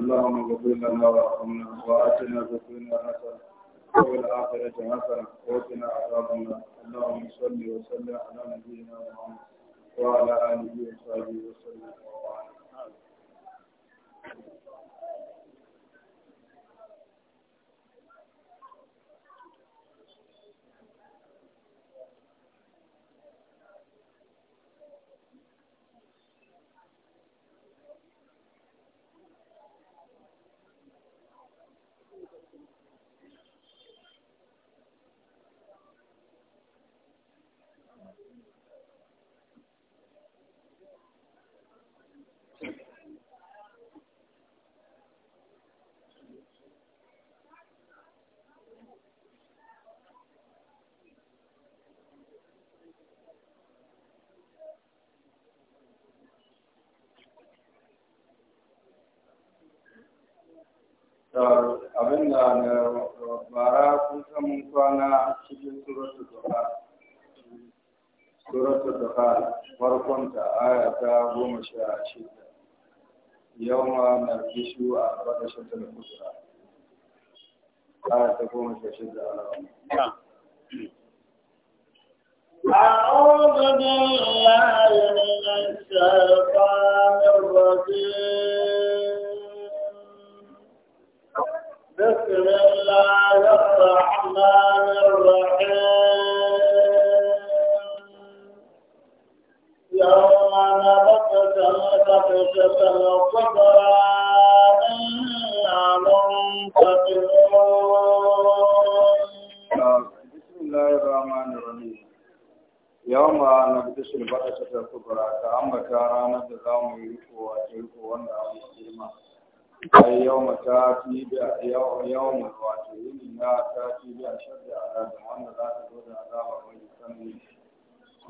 اللهم اغفر لنا وارحمنا واتنا في الدنيا حسنه وفي الاخره حسنه وقنا عذاب النار اللهم صل وسلم على نبينا محمد وعلى اله وصحبه وسلم abin da na bara kun samun kwana cikin suratul duha suratul duha farkon ta aya ta goma sha shida yau ma na gishu a ƙarƙashin ta da kusura aya ta goma sha shida a rawa أعوذ بالله من الشيطان الرجيم بسم الله الرحمن الرحيم يوم نبطش نبطشة الكبرى إنا منتقمون بسم الله الرحمن الرحيم يوم نبطش نبطشة الكبرى كأمك رانا تزامي يكوى تلك وانا أمي ai yau ma ta fi da yau ma wato yini na ta fi da shadda azabin wanda za ta zo da azaba mai sanni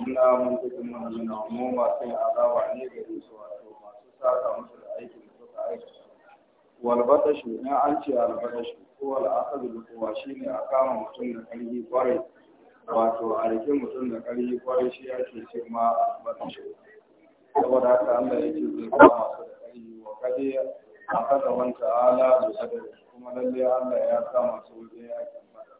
ina mun cikin manzuna mu masu yin azaba ne gare su wato masu saka musu da aikin da suka aikata walbatashu in an ce albatashu ko al'akadu da kowa shine a kama mutum da karfi kwarai wato a rikin mutum da karfi kwarai shi ake ce ma albatashu saboda haka Allah ya ce zai kama su da karfi wa kade akaza wanta ala da sadari kuma lalle Allah ya kama su wajen yakin mata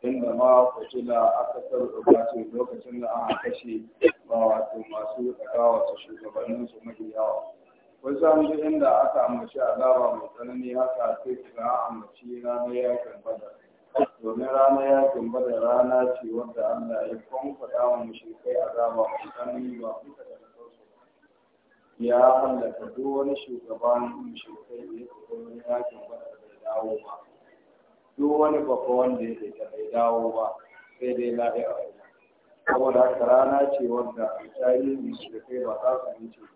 inda ma kutula aka sarrafa ce lokacin da aka kashe ba wato masu tsakawa su shugabannin su mafi yawa wasu an ji inda aka ambaci azaba mai tsanani haka sai su ga ambaci ranar ya badar domin rana yakin badar rana ce wanda Allah ya kwamfada wa mushrikai azaba mai tsanani ba ya hallaka duk wani shugaban shugabai da ya fito wani yakin bada bai dawo ba duk wani babba wanda ya fita bai dawo ba sai dai la'ira saboda haka rana ce wanda tarihi shugabai ba za su yi ce ba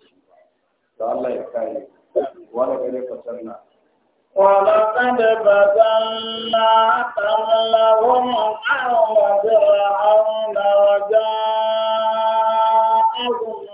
da Allah ya kare wani gare fatarna ولقد بدلنا قبلهم أرض فرعون وجاءهم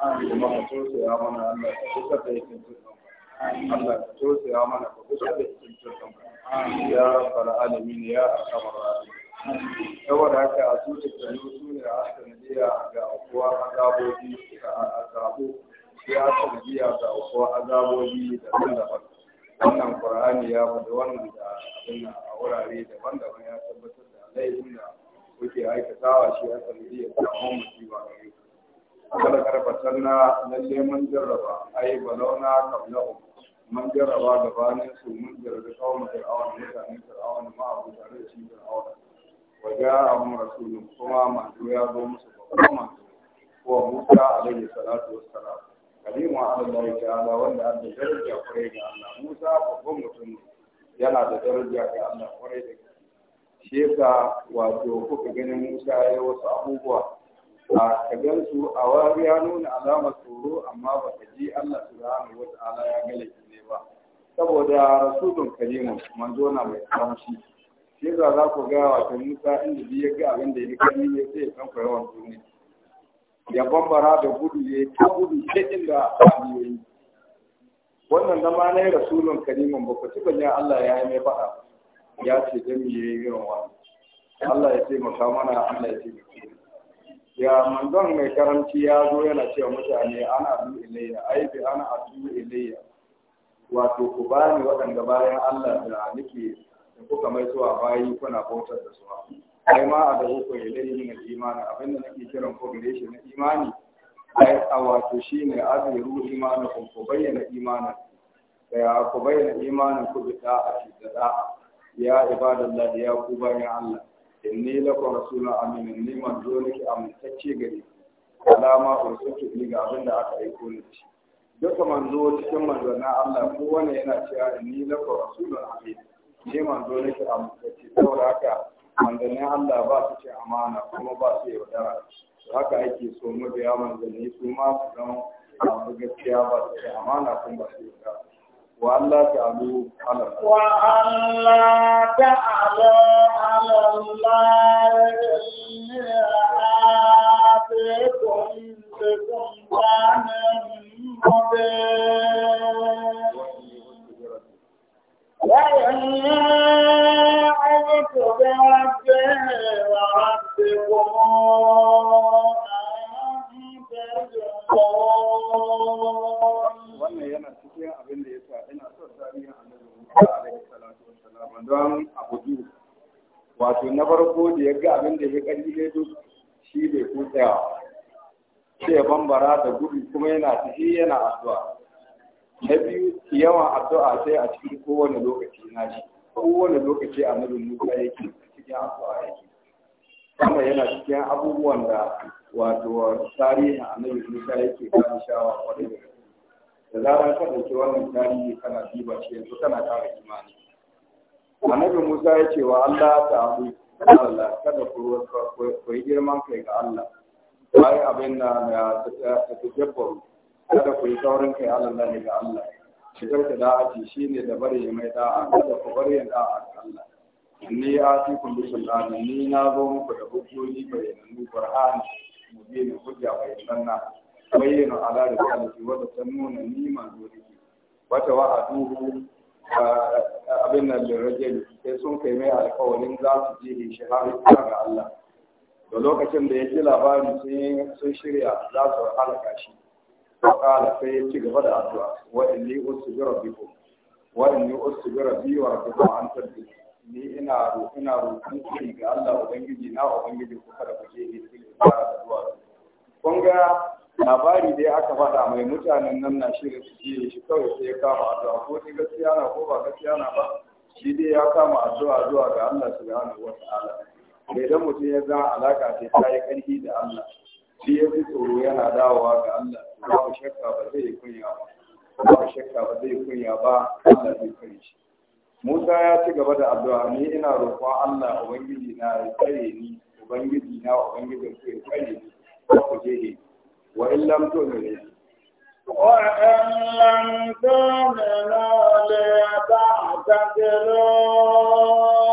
kuma ka a mana Allah mana ka kusa da yakin turkan ya ya haka a tutar da su ne a ga ya wannan ya faɗi wannan da abin a wurare daban-daban ya tabbatar da laifin da kuke aikatawa shi a sanadiyar samun musiba gare kada na lalle mun jarraba ai balauna qablahu mun jarraba gabanin su mun jarraba kawun fir'aun mutane fir'aun ma abu da rashin fir'aun waja ahum rasulun kuma manzo ya zo musu babban manzo ko Musa alaihi salatu wassalam kalimu Allah ta'ala wanda an da daraja kwarai ga Allah Musa babban mutum yana da daraja ga Allah kwarai da gaske shi yasa wato kuka ganin Musa ya wasu abubuwa a kagan su a wari ya nuna alamar tsoro amma ba ta ji Allah subhanahu wata ala ya ga laifi ne ba saboda rasulun karimun manzo na mai kamshi shi yasa za ku ga wato Musa inda ya ga abin da ya kalli ne sai ya san yawan duniya ya bambara da gudu ya ta gudu ta inda yi. wannan zama na rasulun karimin ba ku ci ya Allah ya yi mai faɗa ya ce dan ya yi irin wani Allah ya taimaka mana Allah ya taimaka ya manzon mai karanci ya zo yana cewa mutane ana adu ilayya ai bi ana adu ilayya wato ku bani waɗanda bayan Allah da nake da kuka mai zuwa bayi kuna bautar da su ai ma a da ku ilayya ne imani abinda nake kiran ku gare shi na imani ai a wato shine azmiru imani ku bayyana imanin ku bayyana imanin ku bi da'a da da'a ya ibadallahi ya ku bayyana Allah inni lakum rasulun amin ni manzo nake amintacce gare ku alama ursutu ni ga abin da aka aiko ni ci duka manzo cikin manzannin Allah ko wani yana cewa inni lakum rasulun amin ni manzo nake amintacce saboda haka manzannin Allah ba su ce amana kuma ba su yaudara haka ake so mabiya manzanni su ma su zama masu gaskiya ba su ce amana kuma ba su yaudara Wàhálà tààlọ́ àlọ́lá rẹ̀ ní àárín ẹ̀kùn ń ṣe kó ń bá mẹ́rin mọ́bẹ̀. Lẹ́yìn ní ọjọ́ tó bẹ́ wá wannan yana cikin abin da ya sa ina Musa salatu wato na farko da ya ga abin ya kalli ne duk shi bai ko tsayawa sai bambara da gudu kuma yana tafi yana addu'a na biyu yawan addu'a sai a cikin kowane lokaci na shi kowane lokaci annabi Musa yake cikin addu'a yake wannan yana cikin abubuwan da wato tarihin annabi Musa yake kan shawa kwarai da gaske da zarar ka dauki wannan tarihi kana diba shi yanzu kana kara imani annabi Musa ya ce wa Allah ta abu Allah kada ku ku yi girman kai ga Allah bai abin da ta tajabbaru kada ku yi saurin kai Allah ne ga Allah shigar da shi shine da bari mai da'a kada ku bari da'a ga Allah inni ya fi kun sulani ni na zo muku da hujjoji bayanannu qur'ani mubin hujja bayananna bayyana ala da kalati wa ta nuna ni manzo dake wata wa'aduhu abin nan da rajul sai sun kai mai alkawarin za su je shi har ga Allah da lokacin da ya ji labarin sai sun shirya za su halaka shi faƙala sai ya ci gaba da addu'a wa inni usbi rabbikum wa inni usbi rabbi wa rabbikum an tabbitu ni ina ina roƙon kiri ga Allah ubangiji na ubangiji ku kada ku je ne cikin fara zuwa kun ga labari dai aka faɗa mai mutanen nan na shirye su je shi kawai sai ya kama addu'a ko ni gaskiya na ko ba gaskiya na ba shi dai ya kama addu'a zuwa ga Allah subhanahu wataala da idan mutum ya ga alaka ce ta yi ƙarfi da Allah shi ya fi tsoro yana dawowa ga Allah babu shakka ba zai kunya ba babu shakka ba zai kunya ba Allah zai kunya shi Musa ya ci gaba da addu'a ni ina roƙon Allah ubangiji na ya tsare ni ubangiji na ubangiji ku ya tsare ni ku je ne, wa in lam tu'minu wa in lam tu'minu la ta'tadiru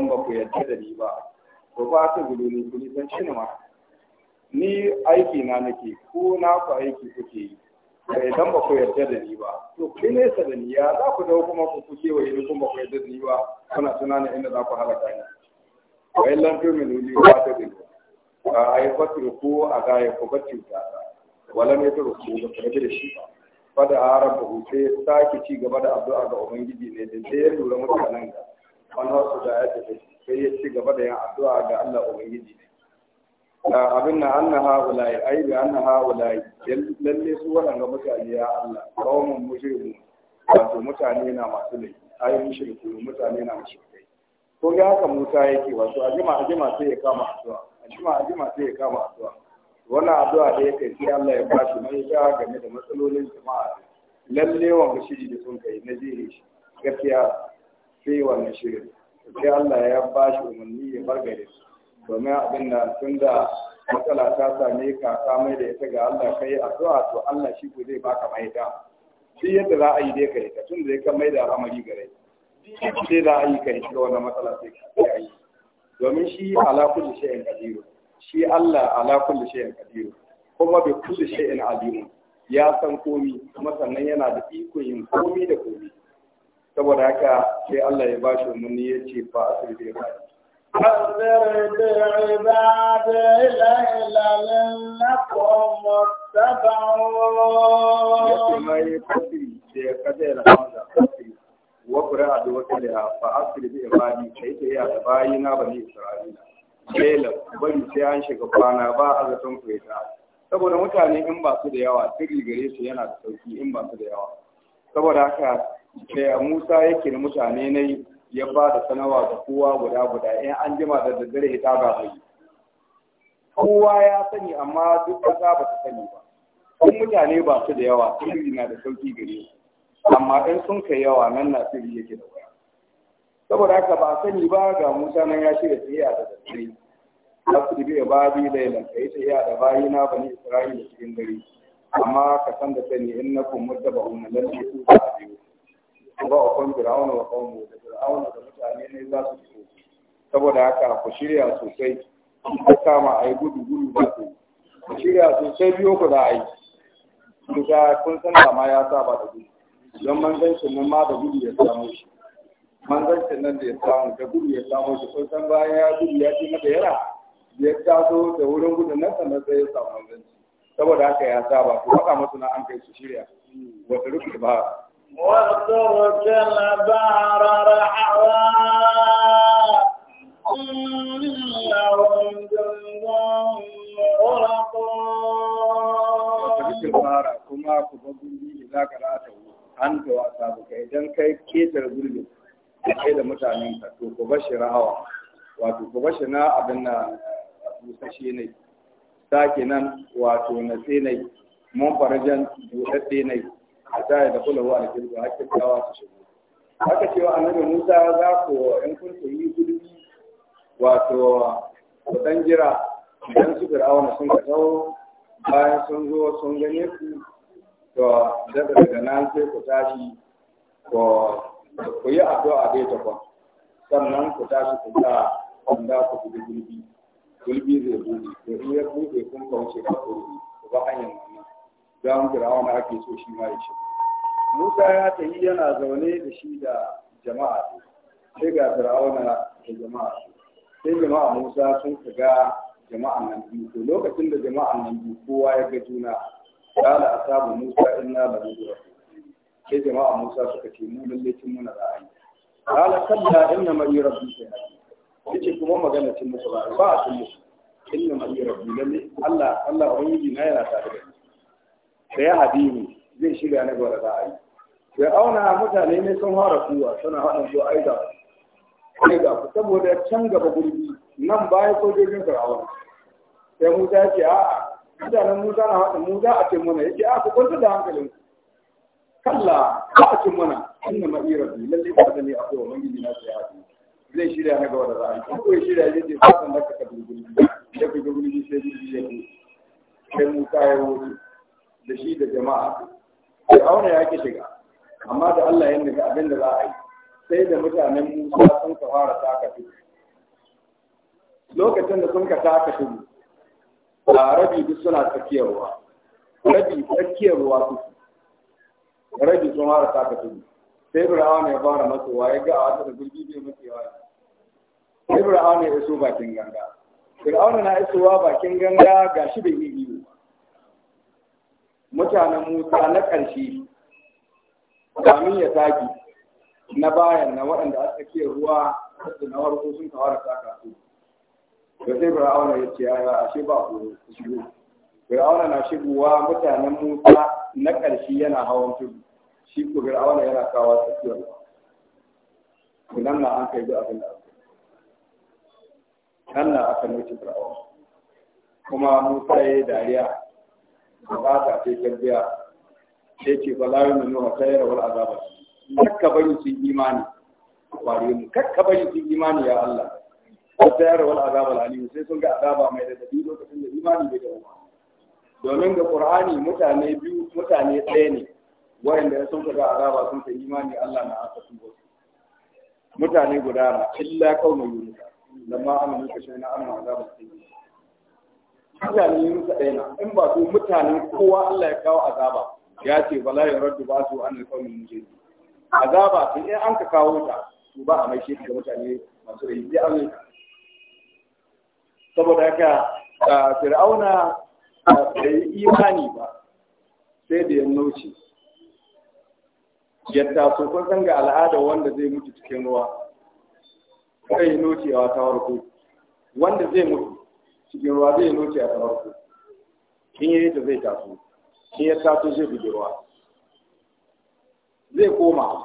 idan ba ku yarda da ni ba to ba ta gudu ne ku nisan ne ma ni aiki na nake ko na ku aiki kuke yi da idan ba ku yarda da ni ba to ku nesa da ni ya za ku dawo kuma ku kuke wa idan kuma ku yarda da ni ba kuna tunanin inda za ku halaka ni wa illan tuminu li ba ta gudu a ai fatir ko a ga ya ku bacci ta wala ne ta ruku da ku da shi ba fada arabu sai sake ci gaba da addu'a ga ubangiji ne da ya lura mutanen ga wani wasu da ya tafi sai ya ci gaba da yin addu'a ga Allah Ubangiji ne. Abin na an na ha'ulayi, ai da an na ha'ulayi, lalle su waɗanda mutane ya Allah, kawamin mushirku, wato mutane na masu laifi, ai mushirku mutane na mushirkai. Ko ga haka Musa yake wato ajima ajima sai ya kama addu'a, ajima ajima sai ya kama addu'a. Wannan addu'a da ya kai sai Allah ya bashi mafita game da matsalolin jama'a. Lalle wanga shiri da sun kai na jere shi gaskiya sai wannan shirin sai Allah ya ba shi umarni ya bar gare su domin abin da tun da matsala ta same ka ka mai da ita ga Allah kai addu'a to Allah shi ko zai baka maida shi yadda za a yi dai kai ka tun da ka mai da amari gare shi za a yi kai shi wannan matsala sai ka yi domin shi ala kulli shay'in qadir shi Allah ala kulli shay'in qadir kuma bi kulli shay'in alim ya san komi kuma sannan yana da iko yin komi da komi saboda haka sai Allah ya shi muni ya ce fa asir bi ibadi فاصبر بعبادي ليلا إنكم متبعون. ما يفسر شيء كثير هذا فسر وقرأ بوكلها فأصبر بعبادي كيف هي تباينا bari sai an shiga kwana ba a zaton kwaita. Saboda mutane in ba su da yawa, sirri gare su yana da sauki in ba su da yawa. Saboda haka da Musa ya kiri mutane ne ya ba da sanawa ga kowa guda guda in an jima da daddare hita ba mai kowa ya sani amma duk ƙasa ba ta sani ba kun mutane ba su da yawa sirri na da sauki gare amma in sun kai yawa nan na sirri yake da waya saboda haka ba sani ba ga Musa nan ya shirya tsaye da daddare Lafi bi babi da yalan kai tsaye da bayi na bani Isra'ila cikin gari. amma ka san da sani in na kun umarnin lalle su ba a biyu ba wa kwan fir'auna wa kwan da fir'auna da mutane ne za su so saboda haka ku shirya sosai ku kama a yi gudu gudu ba ku ku shirya sosai biyo ku za a yi ga kun san da ma ya saba da gudu don manzancin nan ma da gudu ya samu shi manzancin nan da ya samu da gudu ya samu shi kun san bayan ya gudu ya ci mata yara ya taso da wurin gudun nan sannan sai ya samu manzanci saboda haka ya saba ku haka masu na an kai su shirya wata rufe ba واترك البحر رحوا إنهم جند مغرقون كما كبغي إذا قرأته أنت وأصحابك إذا كي كيتر غربي kai da mutanen ka to ku bashi rahawa wato ku bashi na abin na busashe ne sake nan wato na tsenai mun farajan buɗaɗɗe ne hatta ya da kula wa alƙirgu hakkin dawa su shigo haka cewa annabi Musa za ku 'yan kun yi gulbi wato ku dan jira idan su fir'auna sun ka tsawo bayan sun zo sun gane ku to daga daga nan sai ku tashi ku yi addu'a bai ta kwa sannan ku tashi ku sa wanda ku fi gulbi gulbi zai buɗe to in ya buɗe kun kauce da ku ba hanyar Za mu gawan fir'auna ake so shi ma ya shigo Musa ya tafi yana zaune da shi da jama'a sai ga fir'auna da jama'a sai jama'a Musa sun ga jama'an nan biyu to lokacin da jama'an nan biyu kowa ya ga juna Ya qala asabu Musa inna da mudrak sai jama'a Musa suka ce mu lalle cin muna ra'ayi qala kalla inna ma rabbi sai yace kuma magana cin musu ba ba cin musu inna ma rabbi lalle Allah Allah ubangiji na yana tare da da ya ne zai shirya na gwada za a yi da auna mutane ne sun fara kuwa suna haɗin zuwa ai ga ai ku saboda can gaba gurbi nan baya sojojin fir'auna sai musa ya ce a'a mutanen musa na haɗin mu a ce mana ya ce a ku kwanta da hankalin kalla za a ce mana inna ma'ira bi lalle ba da ne a kowa mangiji na sai haɗi zai shirya na gaba da za a yi ko ya shirya ya ce ba san da ka ka gurbi ya fi gurbi sai gurbi ya fi sai musa ya wuce da shi da jama'a fir'auna ya ki shiga amma da Allah ya nufi abin da za a yi sai da mutanen Musa sun ka fara taka shi lokacin da sun ka taka shi a rabi duk suna tsakiyarwa. rabi tsakiyarwa su suke rabi sun fara taka shi sai fir'auna ya fara matsowa ya ga a wata da gurbi bai matsewa sai fir'auna ya iso bakin ganga fir'auna na isowa bakin ganga ga shi bai yi mutanen Musa na ƙarshe kamin ya saki na bayan na waɗanda aka tsakiyar ruwa da na farko sun kawar saka su da sai fir'auna ya ce ya ashe ba ku shigo fir'auna na shigowa mutanen Musa na ƙarshe yana hawan tudu shi ko fir'auna yana kawo tsakiyar kunan na an kai abin da nan na aka nuce fir'auna kuma Musa ya yi dariya bukata sai ta biya sai ce ba layu mai nuna sayar wal azaba kakka bari su imani kware mu kakka bari su imani ya Allah ko sayar wal azaba aliyu sai sun ga azaba mai da dabi lokacin da imani bai ba. domin ga qur'ani mutane biyu mutane ɗaya ne ya sun ga azaba sun ta imani Allah na aka su mutane guda na illa kauma yunus lamma amanu na amma azaba sai Ina ne muka daina in ba su mutane kowa Allah ya kawo azaba ya ce bala ya raddu ba su an alƙawmin mujin azaba tun in an ka kawo ta to ba a mai shi ga mutane masu rai sai an saboda haka fir'auna bai imani ba sai da ya nauce yadda so kun san ga al'ada wanda zai mutu cikin ruwa kai nocewa ta warko wanda zai mutu cikin ruwa zai noce a farko in yi ta zai taso in ya taso zai buge ruwa zai koma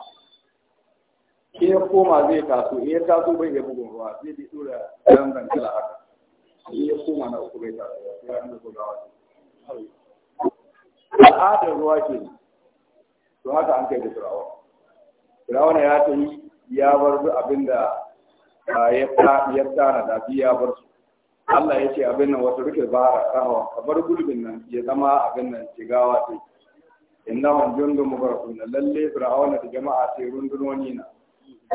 in ya koma zai taso in ya taso bai iya bugun ruwa zai bi dora ɗan bankila haka in ya koma na uku bai taso ya yi da gudawa al'adar ruwa ke to haka an kai da turawa turawa ya ta yi ya bar abin da ya tsara da ya bar su Allah ya ce abin nan wasu rufe a rahawa kamar gulbin nan ya zama abin nan gawa ce inna wani jundu mubarakun lalle fir'auna da jama'a sai rundunoni na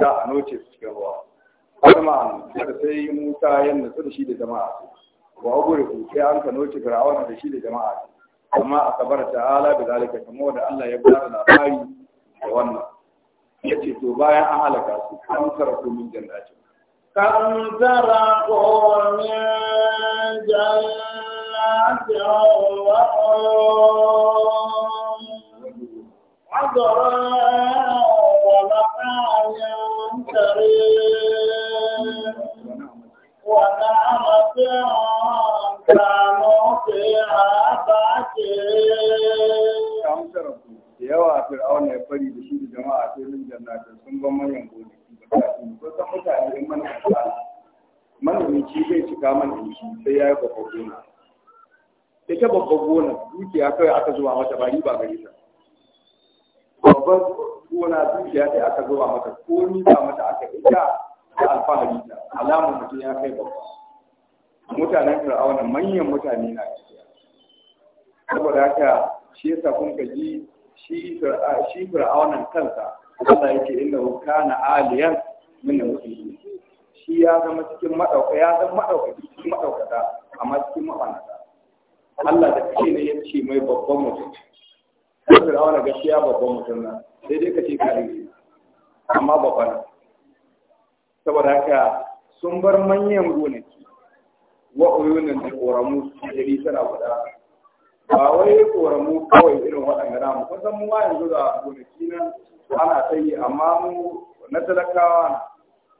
za a noce su cikin ruwa kuma da sai Musa yadda su da shi da jama'a a gure ku sai an ka noce fir'auna da shi da jama'a amma a kabar ala da zalika kamar wanda Allah ya bada labari da wannan Ya ce to bayan an halaka su an karatu min jannatin كم تركوا من جنات وعيون عذرا ومقام كريم ونعمة كانوا فيها باكرين. كم تركوا يا فرعون يا فريد شيل جماعة من جنات ثم من ينقلون bukatu kusan mutane in mana kasa manomici zai cika sai ya yi babban gona ita babban gona dukiya kawai aka zuwa mata ba ba gare ta Babbar gona dukiya ce aka zuwa mata ko ni ba mata aka ita da alfahari ta alamar mutum ya kai babba mutanen fir'auna manyan mutane na gaskiya saboda haka shi yasa kun ka ji shi fir'aunan kansa Allah yake inna kana aliyan min al-muslimin shi ya zama cikin madauka ya zama madaukaki cikin maɗaukata, amma cikin maɓanata. Allah da kake ne ya ce mai babban mutum a wani gaskiya babban mutum na sai dai kace kare amma babban saboda haka sun bar manyan gonaki wa uyunan da koramu jari tana guda ba wai koramu kawai irin waɗanda namu kusan mu wa yanzu da gonaki nan ana ta yi amma mu na talakawa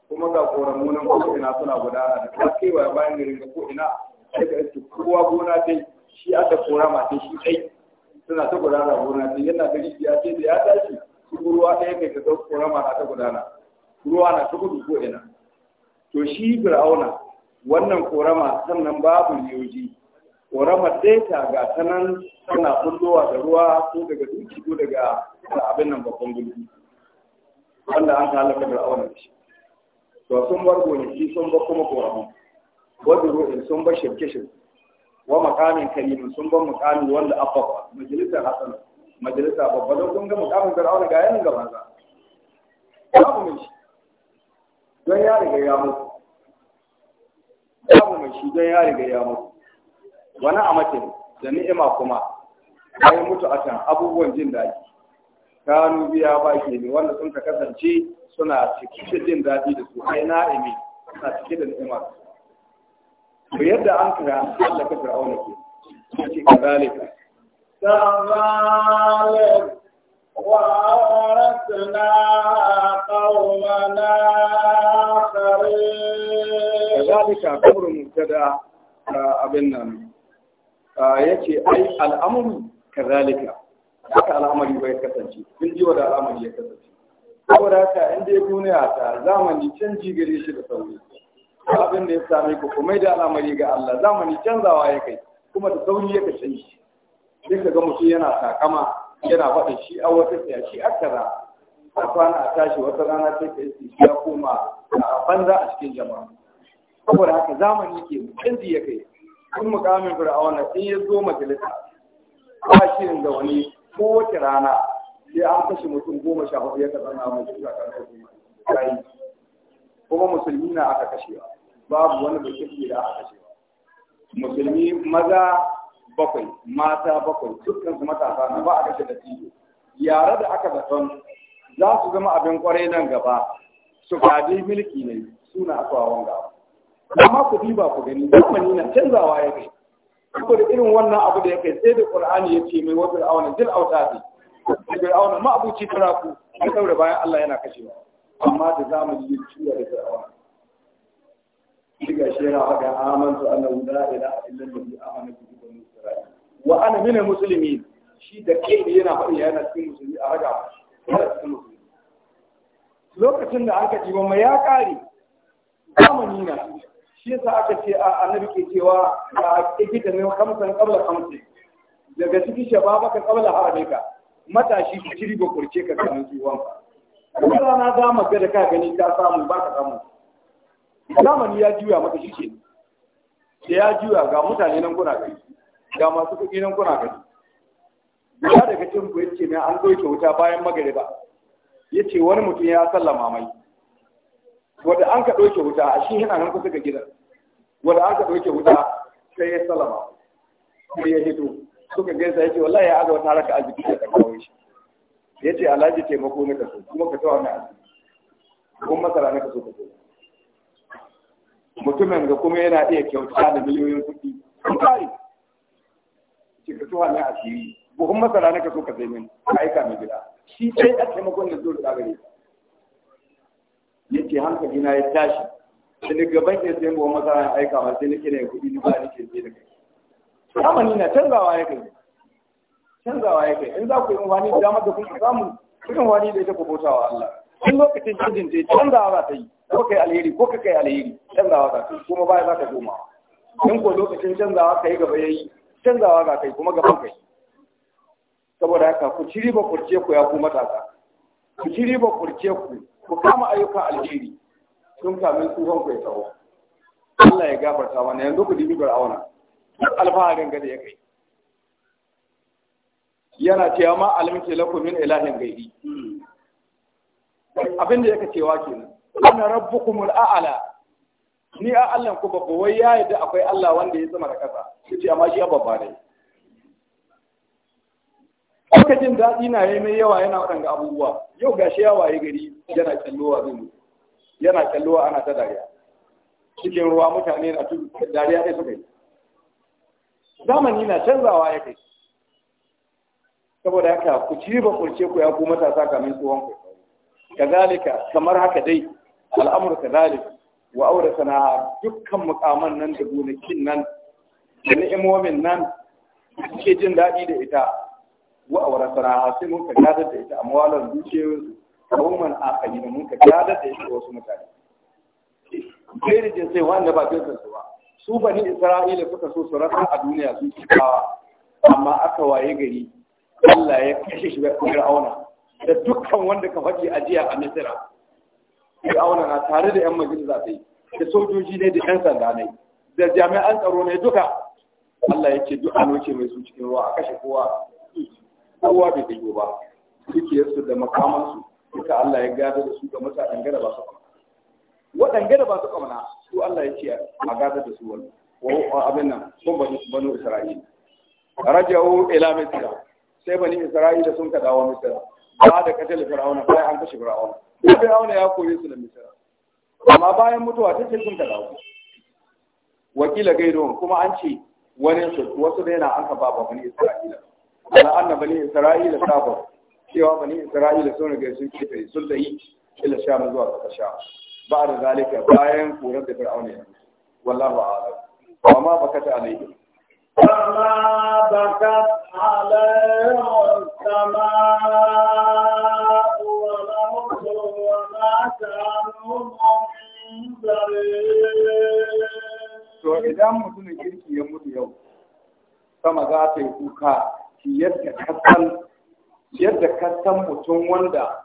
kuma ga koramu nan ko ina suna gudana da ta kewa bayan garin ga ko ina sai ka iske kowa gona dai shi aka kora dai shi kai suna ta gudana gona dai yana da ya ce da ya tashi ruwa ɗaya kai ka sauka kora mata ta gudana ruwa na ta gudu ko ina to shi fir'auna wannan korama sannan babu yoji ƙoramar daita ga ta nan tana kullowa da ruwa ko daga duki ko daga abin nan babban gulbi wanda an halaka da auren shi to sun bar gonaki sun bar kuma ƙoramu wadda ru'in sun bar shirke-shirke wa makamin karimin sun bar makamin wanda abba Majalisa hasana majalisa babba don kun ga da fir'auna ga yanin gaba sa babu mai shi don ya riga ya mutu babu mai shi don ya riga ya mutu wani amakin da ni'ima kuma ai mutu a can abubuwan jin daɗi kanu biya ba ke ne wanda sun ka kasance suna cike jin daɗi da su ai na'imi suna cike da ni'ima Ku yadda an kira Allah ka fir'auna ke shi ka zalika ta'ala وأورثنا قومنا آخرين كذلك أمر abin nan. yake ai al'amuru kazalika haka al'amari bai kasance kun ji da al'amari ya kasance saboda haka in dai duniya ta zamani canji gare shi da sauri abin da ya same ku kuma da al'amari ga Allah zamani canzawa ya kai kuma da sauri ya canji. shi sai ka ga mutum yana takama yana faɗin shi a wata tsaya shi akara a kwana a tashi wata rana sai ka yi ya koma a banza a cikin jama'a saboda haka zamani ke canji ya kai kun mukamin fir'auna in ya zo majalisa ba shi da wani kowace rana sai an kashe mutum goma sha hudu ya kasa na majalisa kan yi. kuma musulmi na aka kashewa babu wani da kike da aka kashewa musulmi maza bakwai mata bakwai dukkan su matasa na ba a kashe da tiyo yare da aka zaton za su zama abin kwarai nan gaba su gadi milki ne suna akwawan gaba amma ku ba ku gani zamani na canzawa ya kai saboda irin wannan abu da ya kai sai da qur'ani ya ce mai wa fir'auna zil autati fir'auna ma abuci taraku ya daure bayan Allah yana kashewa amma da zamani ya ciwa da fir'auna diga shi yana faɗa amantu annahu la ilaha illa allazi amana bihi banu isra'il wa ana min muslimin shi da kai yana faɗi yana cikin musulmi a haka yana cikin musulmi lokacin da aka ji mai ya ƙare zamani na shi yasa aka ce a annabi ke cewa a kike ne kamsan kabla kamsi daga ciki shababaka harabe ka matashi ki shiri ba kurce ka kan zuwan ka rana za mu ga da ka gani ka samu ba ka samu zamani ya juya maka shi ke da ya juya ga mutane nan kuna gani ga masu kuɗi nan kuna gani ya daga cikin ku yace ne an ta wuta bayan magariba yace wani mutum ya sallama mai wanda an ka ɗauke wuta a shi yana nan kusa ga gidan wanda an ka ɗauke wuta sai ya salama sai ya hito suka gaisa ya ce wallahi ya aza wata raka arziki da kakawai shi ya ce alhaji taimako na kaso kuma ka tawa na arziki kun masara na kaso ka tawa mutumin ga kuma yana iya kyauta da miliyoyin kuɗi kun kari ce ka tawa na asiri buhun masara na kaso ka zai min aika mai gida shi sai a taimakon da zuwa gare ka ke hankali na ya tashi da ni gaban ke sai mu masara aika ma sai nake ne kuɗi ni ba ni ke da kai ni na canzawa ya kai canzawa ya kai in za ku yi wani da damar da kuka samu cikin wani da ita ku bautawa Allah in lokacin cikin ta canzawa za ta yi ko kai alheri ko kai alheri canzawa za ta yi kuma baya za ta koma in ko lokacin canzawa kai gaba yayi canzawa za kai kuma gaban kai saboda haka ku ci riba kurce ku ya ku matasa ku ci riba kurce ku ku kama ayyukan alheri sun kamin tsohon kai tsawo Allah ya gafarta mana yanzu ku dibi fir'auna duk alfaharin gada ya kai yana cewa ma almike lakum min ilahin gairi abinda yake cewa kenan ana rabbukumul a'la ni a Allah ku babba wai ya yadda akwai Allah wanda ya sama da kasa ce amma shi babba ne Kuka jin daɗi na yi mai yawa yana waɗanda abubuwa, yau ga shi yawa gari yana kyallowa zai yana kyallowa ana ta dariya. Cikin ruwa mutane na tudu dariya ɗaya suka yi. Zamani na canzawa ya kai. Saboda haka ku ci ba kurce ku ya ku matasa kamin tsohon ku. Kazalika kamar haka dai al'amur kazalika wa aure sana'a dukkan mukaman nan da gonakin nan da ni'imomin nan ke jin daɗi da ita wa wa rasara sai mun ka gadar da ita amwalan dukiyoyin su kawman akali mun ka gadar da ita wasu mutane gairi je sai wanda ba jinsin su ba su bani isra'ila suka so su rasa a duniya su ci kawa amma aka waye gari Allah ya kashe shi fir'auna da dukkan wanda ka faɗi a jiya a misira fir'auna na tare da ƴan majalisa sai da sojoji ne da ƴan sanda ne da jami'an tsaro ne duka Allah ya ce duk an wuce mai su cikin ruwa a kashe kowa kowa bai yi ba dukiyarsu da makamansu duka Allah ya gada da su ga mutanen gada ba su kamana waɗanda da ba su kamana su Allah ya ce a gada da su wani abin nan sun banu Isra'ila Raja'u ila misra sai bani Isra'ila sun ka dawo misra ba da kajal fir'auna bayan an kashe fir'auna fir'auna ya koye su da misra amma bayan mutuwa ta ce sun ka dawo wakila gaido kuma an ce wani su wasu da yana an ka ba bani Isra'ila ala anna bani isra'ila safa cewa bani isra'ila sun riga sun kife sun dahi ila sham zuwa ta sha ba da zalika bayan korar da fir'auna ya wallahu a'lam wa ma bakata alayhi وما بكت عليه السماء والأرض وما كانوا منذرين. إذا mutumin kirki ya mutu yau, sama za ta yi kuka yadda kasan kasan mutum wanda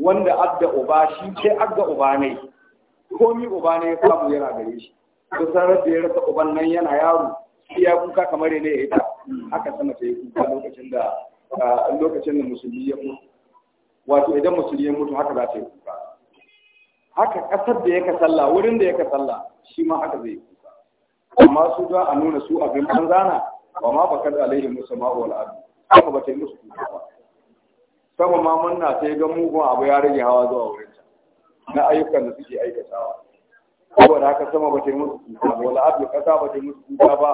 wanda abda uba shi ke abda uba ne komi uba ne ya samu yana gare shi kusan da ya rasa uban nan yana yaro shi ya kuka kamar ne ya ita haka sama ta yi kuka lokacin da lokacin da musulmi ya mutu wato idan musulmi ya mutu haka za ta yi kuka haka kasar da ya ka sallah wurin da ya ka sallah shi ma haka zai yi kuka amma su za a nuna su abin banzana ba ma ba kada alaihi musa ma wal ardi kuma ba ta yi musu kuka ba sama ma munna sai ga mugun abu ya rage hawa zuwa wurin ta na ayyukan da suke aikatawa saboda haka sama ba ta yi musu kuka ba wal ardi kasa ba ta yi musu kuka ba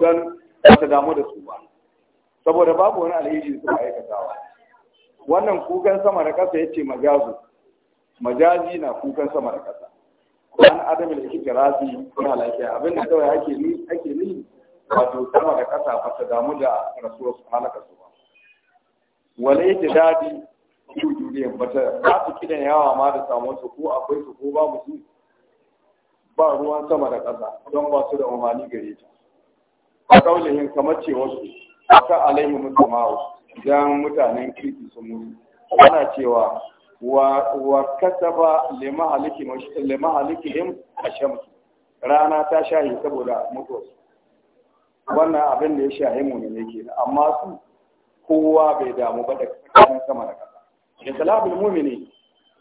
dan ba ta damu da su ba saboda babu wani alheri da suka aikatawa wannan kukan sama da kasa yace majazu majazi na kukan sama da kasa an adam da kike rafi na lafiya abin da kawai ake ni ake ni wato sama da kasa ba ta damu da rasuwar su halaka su ba wale yake daɗi, su duniyan ba ta ba su kidan yawa ma da samun su ko akwai su ko ba mu su ba ruwan sama da kasa don ba su da umarni gare ta a kaulihin kamar ce wasu ta alaihi mutumawu don mutanen kirki sun mutu ana cewa wa kasaba lima halikihim a shamsu rana ta shahi saboda mutuwarsu wannan abin da ya shahi mu ne yake amma su kowa bai damu ba da tsakanin sama da kasa ikhlabul mu'mini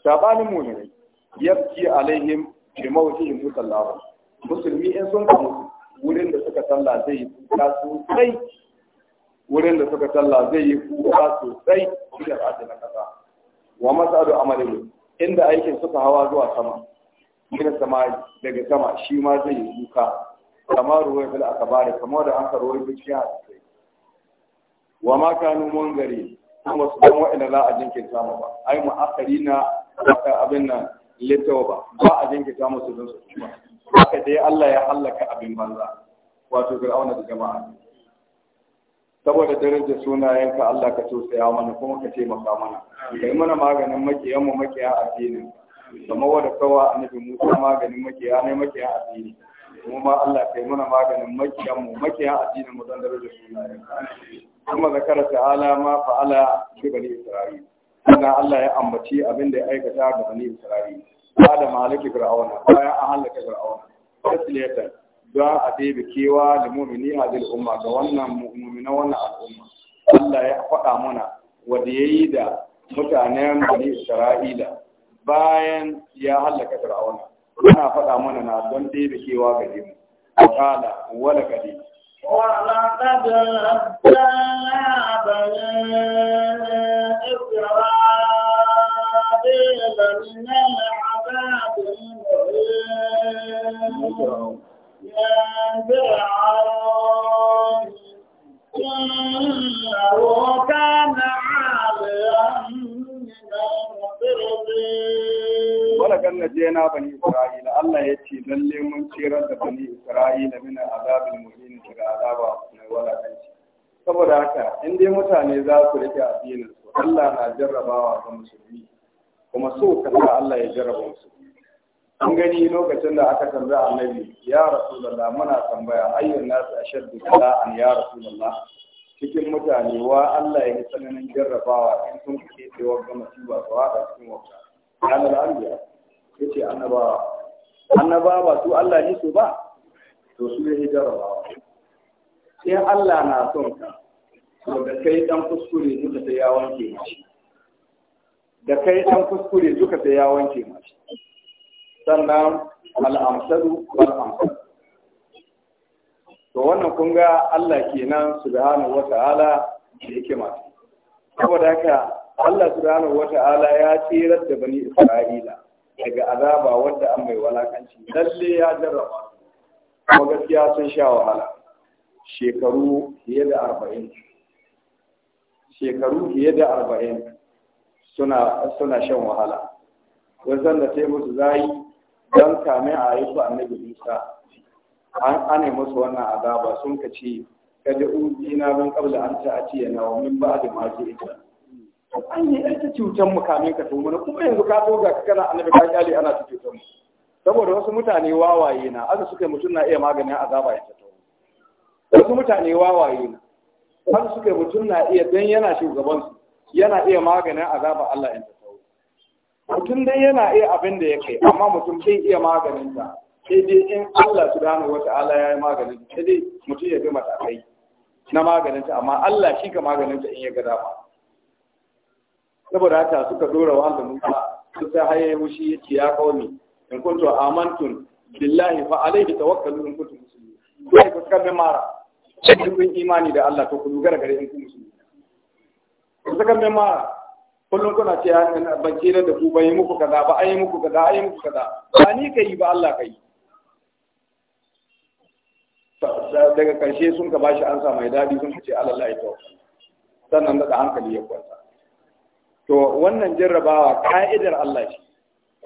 sabanin mu'mini yabki alaihim bi su sallallahu musulmi in sun kamu wurin da suka sallah zai yi kuka sosai wurin da suka sallah zai yi kuka sosai da rati na kasa wa masadu amalin inda aikin suka hawa zuwa sama gina sama daga sama shi ma zai yi kuka kama ruwa fil akabari kama da an ruwa cikin hadisai wa ma kanu gari? kuma su zama wa'ina za a jinkirta mu ba ai mu akari na abin nan litawa ba a jinkirta musu don su kuma haka dai Allah ya hallaka abin banza wato fir'auna da jama'a saboda daraja yanka Allah ka ya mana kuma ka taimaka mana kai mana maganin makiyan mu makiya addinin kamar wanda kawa annabi Musa maganin makiya ne makiya addini mu ma Allah kai muna maganin makiyan mu makiyan addinin mu dan darajar sunayen kuma zakara ta'ala ma fa'ala bi bani isra'il Ina Allah ya ambaci abin da ya aikata ga bani isra'il ba da maliki fir'auna bayan an halaka fir'auna tasliyatan don a ɗebe kewa da mumini a umma ga wannan mumina wannan al'umma Allah ya faɗa mana wanda ya yi da mutanen bani Isra'ila bayan ya hallaka Fir'auna suna faɗa mana na don ɗaya kewa ga jini a kala wadda ka ɗi. وكان عالما من المطربين na je na bani isra'ila Allah ya ce don mun tsirar da bani isra'ila min azabil muhin daga azaba mai wala saboda haka in dai mutane za su rike addinin su Allah na jarrabawa ga musulmi kuma so ka Allah ya jarraba musulmi an gani lokacin da aka tambaya annabi ya rasulullah muna tambaya ayyun nasu ashaddu bala'an ya rasulullah cikin mutane wa Allah ya yi tsananin jarrabawa in sun kace cewa ga masiba ba wada cikin wata ranar anbiya ya ce annabawa annabawa ba su Allah ne su ba to su ne jarabawa sai Allah na son ka to da kai dan kuskure duka ta yawon ke mashi da kai dan kuskure duka ta ya wanke mashi sannan al'amsalu wal amsal to wannan kun ga Allah kenan subhanahu wata'ala da hikima saboda haka Allah subhanahu wata'ala ya tsirar da bani Isra'ila daga azaba wanda an mai walakanci lalle ya jarraba kuma gaskiya sun sha wahala shekaru fiye da arba'in shekaru fiye da arba'in suna shan wahala wajen da ta yi musu zayi don kame a yi su annabi musa an ane musu wannan azaba sun ka ce kada uzi na min kabla an ta a ciye na wa min ba da maji ita an yi ai ta cutan mu kamin ka tumu na kuma yanzu ka zo ga kana annabi ka kyale ana ta cutan mu saboda wasu mutane wawaye na aka suka yi mutum na iya maganin azaba ya tattauna wasu mutane wawaye na aka suka yi mutum na iya don yana shugabansu, yana iya maganin azaba Allah ya tattauna mutum dai yana iya abin da ya kai amma mutum bai iya maganin ta sai dai in Allah subhanahu wata'ala ya yi maganin sai dai mutum ya bi matakai na maganin ta amma Allah shi ka maganin ta in ya ga dama saboda haka suka dora wa Allah Musa sun sai haye wushi yace ya kaumi in kuntu amantun, billahi fa alayhi tawakkalu in kuntum muslimin sai ku kan mara cikin kun imani da Allah to ku dogara gare in kun musulmi ku saka mai mara kullum kuna ce ah, ban kira da ku ban yi muku kaza ba ai muku kaza ai muku kaza ba ni kai ba Allah kai daga karshe sun ka bashi ansa mai dadi sun ce Allah ya tawakkal sannan da hankali ya kwanta to wannan jarrabawa ka'idar Allah shi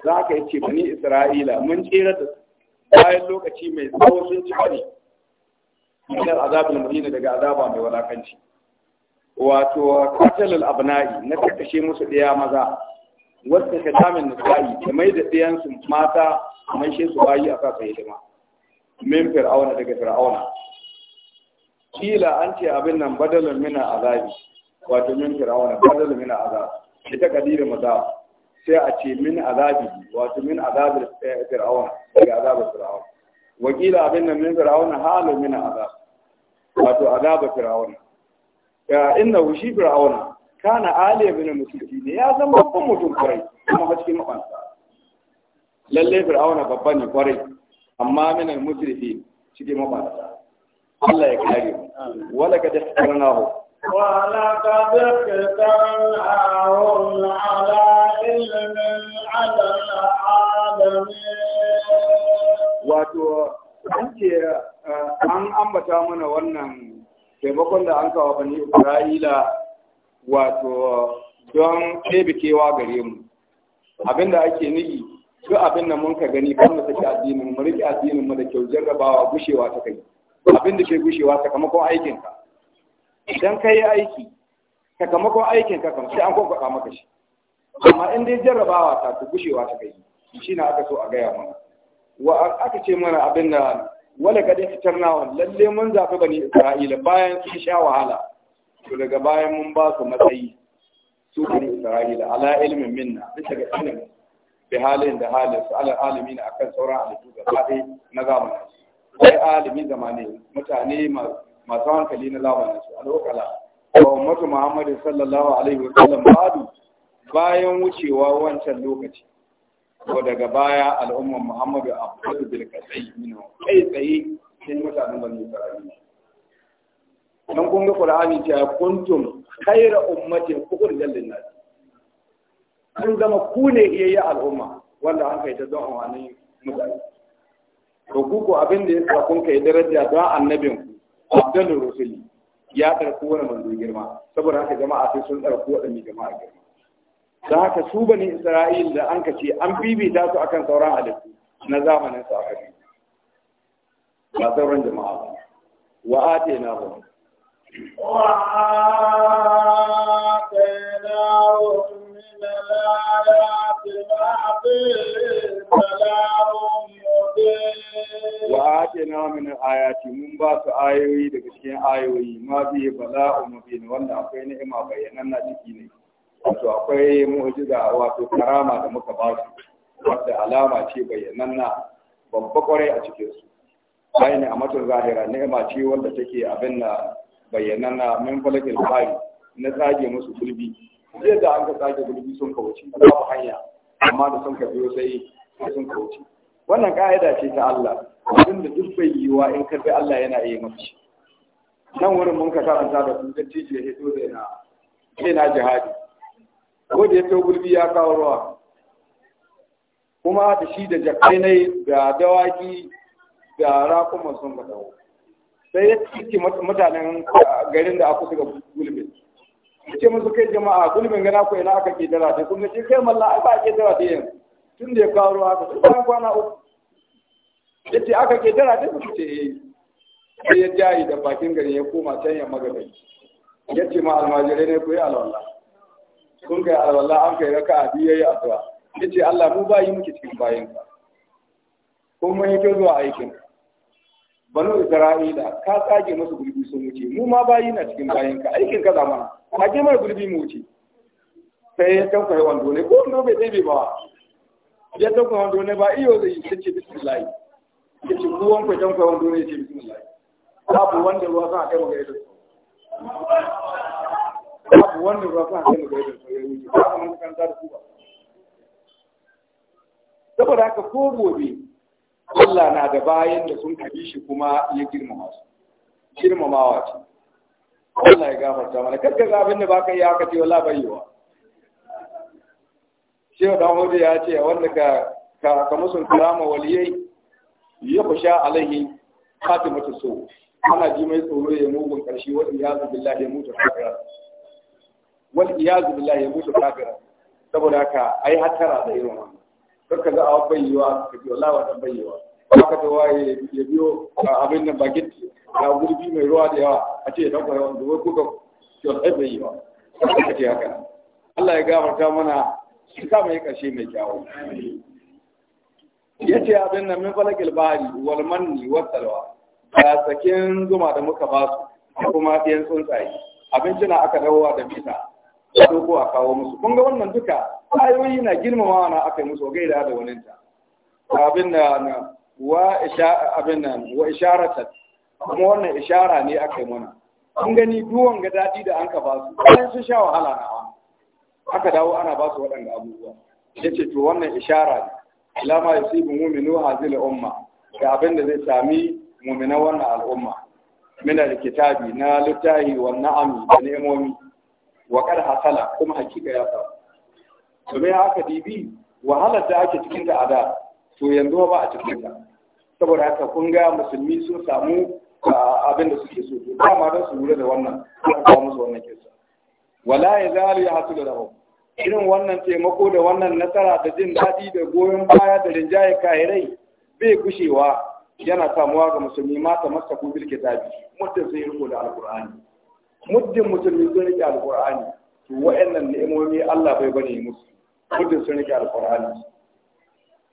za ka yi bani isra'ila mun tsira da bayan lokaci mai tsawo sun ci bane minar azabin muhina daga azaba mai walakanci wato qatalul abna'i na kashe musu ɗaya maza wasta kalamin nisa'i da mai da ɗiyansu mata mai shi su bayi a kasa hidima min fir'auna daga fir'auna kila an ce abin nan badalin mina azabi wato min fir'auna badalin mina azabi ki ta maza sai a ce min azabi wato min azabir eh, fir'aun daga azabir fir'aun wakila abin nan min fir'aun halu min azab wato azabir fir'aun ya inna Ka fir'aun kana ali na musulmi ne ya zama babban mutum kwarai kuma ba cikin mafansa lalle fir'aun babban ne kwarai amma min al-musrifin cikin mafansa Allah ya kare mu wala kad ikhtarnahu ولقد اخترناهم على علم على العالمين wato an ce an ambata mana wannan taimakon da an kawo bani isra'ila wato don kewa gare mu abinda ake nufi duk abin da mun ka gani kan mu take addinin mu rike addinin mu da kyau jarrabawa gushewa ta kai abin da ke gushewa sakamakon aikinka. idan ka yi aiki sakamakon aikin ka kam sai an kwakwaka maka shi amma in dai jarrabawa ta ta gushewa ta kai shi na aka so a gaya mana wa aka ce mana abin da wala fitar nawa lalle mun zafi bani isra'ila bayan sun sha wahala to daga bayan mun ba su matsayi su bani isra'ila ala ilmin minna bisa ga ilimin bi halin da halin su ala na akan sauran alifu ga faɗi na zamani sai alimi zamani mutane masu masu hankali na zamanin su lokala wa ummatu Muhammadu sallallahu alaihi wasallam badu bayan wucewa wancan lokaci ko daga baya al'ummar muhammadu a bil kasai min kai tsaye sai mutanen ban yi isra'ila Don kun ga ƙura'ani ce kuntum kaira ummatin ukhrijal jallin nasi kun zama ku ne iya yi al'umma wanda an kai ta don wani mutane ku ko abin da ya sa kun kai daraja don annabin ku abdul rusuli ya ɗarku wani manzo girma saboda haka jama'a sai sun ɗarku waɗanne jama'a girma Za haka su bane isra'il da an ka ce an bibita su akan sauran halittu na zamanin su aka ba sauran jama'a ba wa ate na ba na wa atina min ayati mun ba su ayoyi daga cikin ayoyi ma bi bala'u mubin wanda akwai ni'ima na ciki ne wato akwai mu'jiza wato karama da muka ba su wanda alama ce bayyananna babba kwarai a cikin su ne a matan zahira ni'ima ce wanda take abin na na min falakil bari na tsage musu gulbi yadda an ka tsage gulbi sun kauce babu hanya amma da sun ka biyo sai sun kauce wannan ka'ida ce ta Allah abin da duk bai wa in karfi Allah yana iya mafi nan wurin mun ka karanta da sun da tije hito da yana sai na jihadi ko da ya to gurbi ya kawo ruwa kuma da shi da jakai ne da dawaki da rakuma sun ba dawo sai ya ciki mutanen garin da aku suka gulbin ce musu kai jama'a gulbin gana ko ina aka ke dara sai kuma, ce kai mallan ai ba ke dara da yanzu tun da ya kawo ruwa ka sai kwana uku ya aka ke tara sai suka ce eh sai ya jayi da bakin gari ya koma can yamma gari ya ce ma almajirai ne ku alwala kun kai alwala an kai raka a biyu yayi addu'a ya ce Allah mu bayi muke cikin bayin ka ko mun yi zuwa aikin banu isra'ila ka tsage musu gurbi sun wuce mu ma bayi na cikin bayin ka aikin ka zamana ka je mai gurbi mu wuce sai ya tankwai wando ne ko wando bai zai bai ba ya tankwai wando ne ba iyo zai yi sace bismillah ya ci ruwan kwaitan kwayon duniya ce bismillah babu wanda ruwa sa a kai maka idan babu wanda ruwa sa a kai maka idan ya wuce ba a nan kan da su ba saboda haka ko gobe Allah na da bayan da sun kabi shi kuma ya girmama su girmamawa ce Allah ya gafarta mana kakka zabin da baka yi haka ce wala bayyawa shehu dan hudu ya ce wanda ka ka musun kirama waliyai ya kusha alaihi khatimatu su ana ji mai tsoro ya mugun karshe wa iyazu billahi ya mutu kafira wal iyazu billahi mutu kafira saboda haka ai hatara da irin wannan kaka za a bayyewa ka ji wallahi wannan bayyewa haka ta waye ya biyo abin nan bakin na gurbi mai ruwa da yawa a ce da dauka wanda zuwa kuka kiyon ai bayyewa haka ce haka Allah ya gafarta mana shi ka mai karshe mai kyawu ce abin nan min falakil bari wal manni was salwa sakin zuma da muka ba su kuma ɗiyan tsuntsaye abinci na aka dawowa da bisa Ya doko a kawo musu kun ga wannan duka ayoyi na girmama na aka yi musu gaida da wani ta abin na wa isha abin nan wa isharatan kuma wannan ishara ne aka yi mana kun gani duwan ga daɗi da an ka ba su bayan sun sha wahala na aka dawo ana ba su waɗanda abubuwa ya ce to wannan ishara ne alama ya ci bu muminu hazil umma ga abin da zai sami muminan wannan al'umma min alkitabi na littahi wa na'ami da nemomi, wa kar hasala kuma hakika ya samu to me haka dibi wahalar da ake cikin ta ada to yanzu ba a cikin ta saboda haka kun ga musulmi sun samu abin da suke so to dama don su lura da wannan ko musu wannan kisa wala yazalu da lahum irin wannan taimako da wannan nasara da jin daɗi da goyon baya da rinjaye kayarai bai gushewa yana samuwa ga musulmi mata masa kubil kitabi muddin sun yi riko da alkur'ani muddin musulmi sun riƙe alkur'ani to wa'annan ni'imomi Allah bai bane musu muddin sun riƙe alkur'ani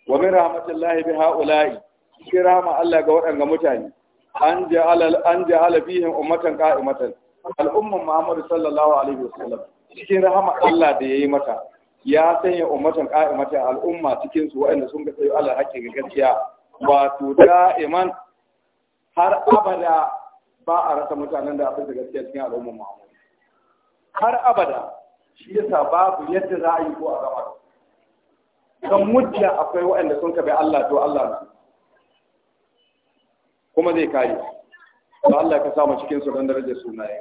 wa min rahmatillahi bi haula'i rahama Allah ga waɗanga mutane an ja'ala an ja'ala fihim ummatan qa'imatan al'umman Muhammad sallallahu alaihi wasallam cikin rahama Allah da ya yi mata ya sanya ummatan qa'imata al'umma cikin su waɗanda sun ga tsayo Allah hakkin ga gaskiya wato da'iman har abada ba a rasa mutanen da aka gaskiya cikin al'umma Muhammad har abada shi yasa babu yadda za a yi ko a zama da kan mujja akwai waɗanda sun kabe Allah to Allah na kuma zai kare Ba Allah ka samu cikin su don darajar sunaye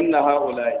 inna haula'i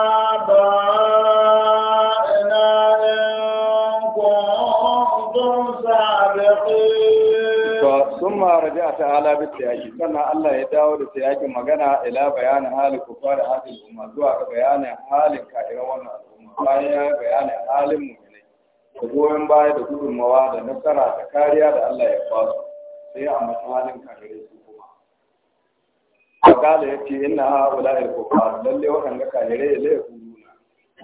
ma raja ta ala bi tayaki sannan Allah ya dawo da tayakin magana ila bayanin halin kufar hadin umma zuwa bayanin halin kafiran wannan al'umma bayanin halin mu'minai da goyon baya da gudummawa da nasara da kariya da Allah ya basu sai a matsalin kafirai su kuma wakala ya ce ina haula ya lalle waɗanda kafirai ya laifu nuna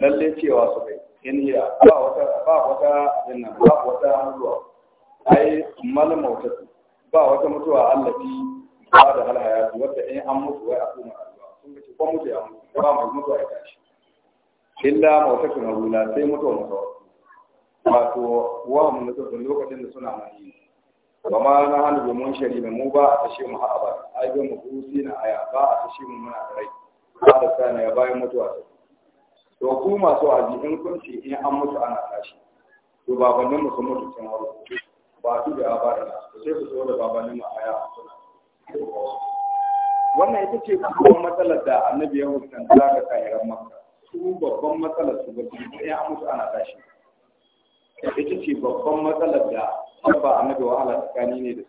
lalle cewa su kai in yi ba wata abin nan ba wata hanzuwa ai malmauta ba wata mutuwa Allah fi ba da halhayatu wata in an mutu wai a kuma rayuwa sun ga ko mutu ya mutu ba mai mutuwa ya tashi illa mautakun rula sai mutuwa mutuwa wato wa mun da lokacin da suna mai ba ma na hannu mun shari mu ba a tashe mu ha'a ba ai ga mu kusi na aya ba a tashe mu muna da rai ba da sana ya bayan mutuwa to ku masu aji in kun ce in an mutu ana tashi to babannin mu sun mutu sun hawo ba da abada sai ku zo da babanin ma'aya a wannan ita ce babban matsalar da annabi ya hukunta da kayan makka su babban matsalar su babban ya an mutu ana tashi ita ce babban matsalar da ba annabi wahala tsakani ne da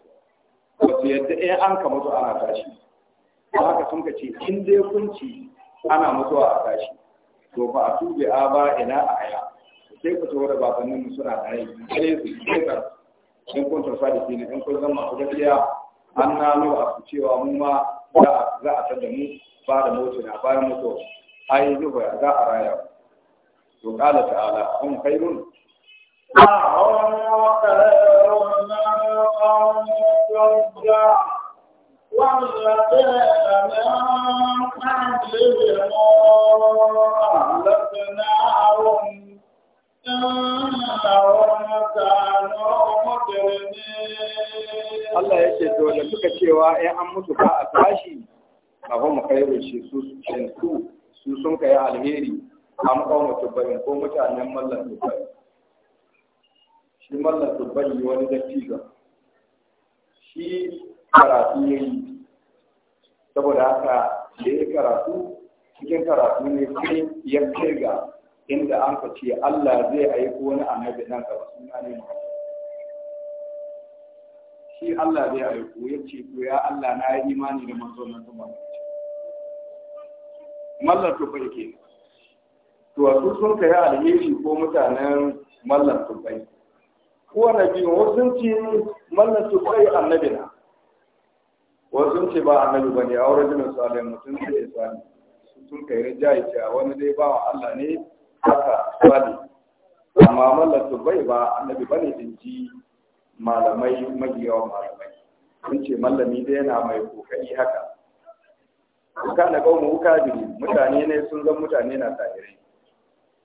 su ba su yadda ɗaya an ka mutu ana tashi ba haka sun ka ce in dai kunci ana mutuwa a tashi to ba a tube a ba ina a aya sai ku tsoro babanninmu suna da rai kare su in kun tarfa da ne in kun zama ku gaskiya an na nuna a cewa mu ma za a tada mu ba da mutu na bayan mutuwa ai zuwa za a raya to kala ta'ala hum khairun والذين من قبلهم أهلكناهم Allah ya ce to da suka cewa ‘yan an mutu ba a tashi a mu kai rushe su su su sun kai alheri an kawo tubbayin ko mutanen mallan tubbayi shi mallan tubbayi wani dattiga shi karatu ya yi saboda haka da ya karatu cikin karatu ne sai ya ga. inda an ka ce Allah zai aiko wani annabi nan gaba suna ne Muhammad shi Allah zai aiko ya ce to ya Allah na yi imani da manzo nan kuma mallan tufai ke to su sun kai alheri ko mutanen Mallar tufai ko annabi wasu sun ce Mallar tufai annabi na wasu sun ce ba annabi bane a wurin jinin salihin mutum sai ya sani sun kai rijayi a wani dai bawa Allah ne haka bane amma mallatu bai ba annabi bane in ji malamai magiyawan malamai sun ce mallami da yana mai kokari haka kana kawo kafiri mutane ne sun zan mutane na kafirai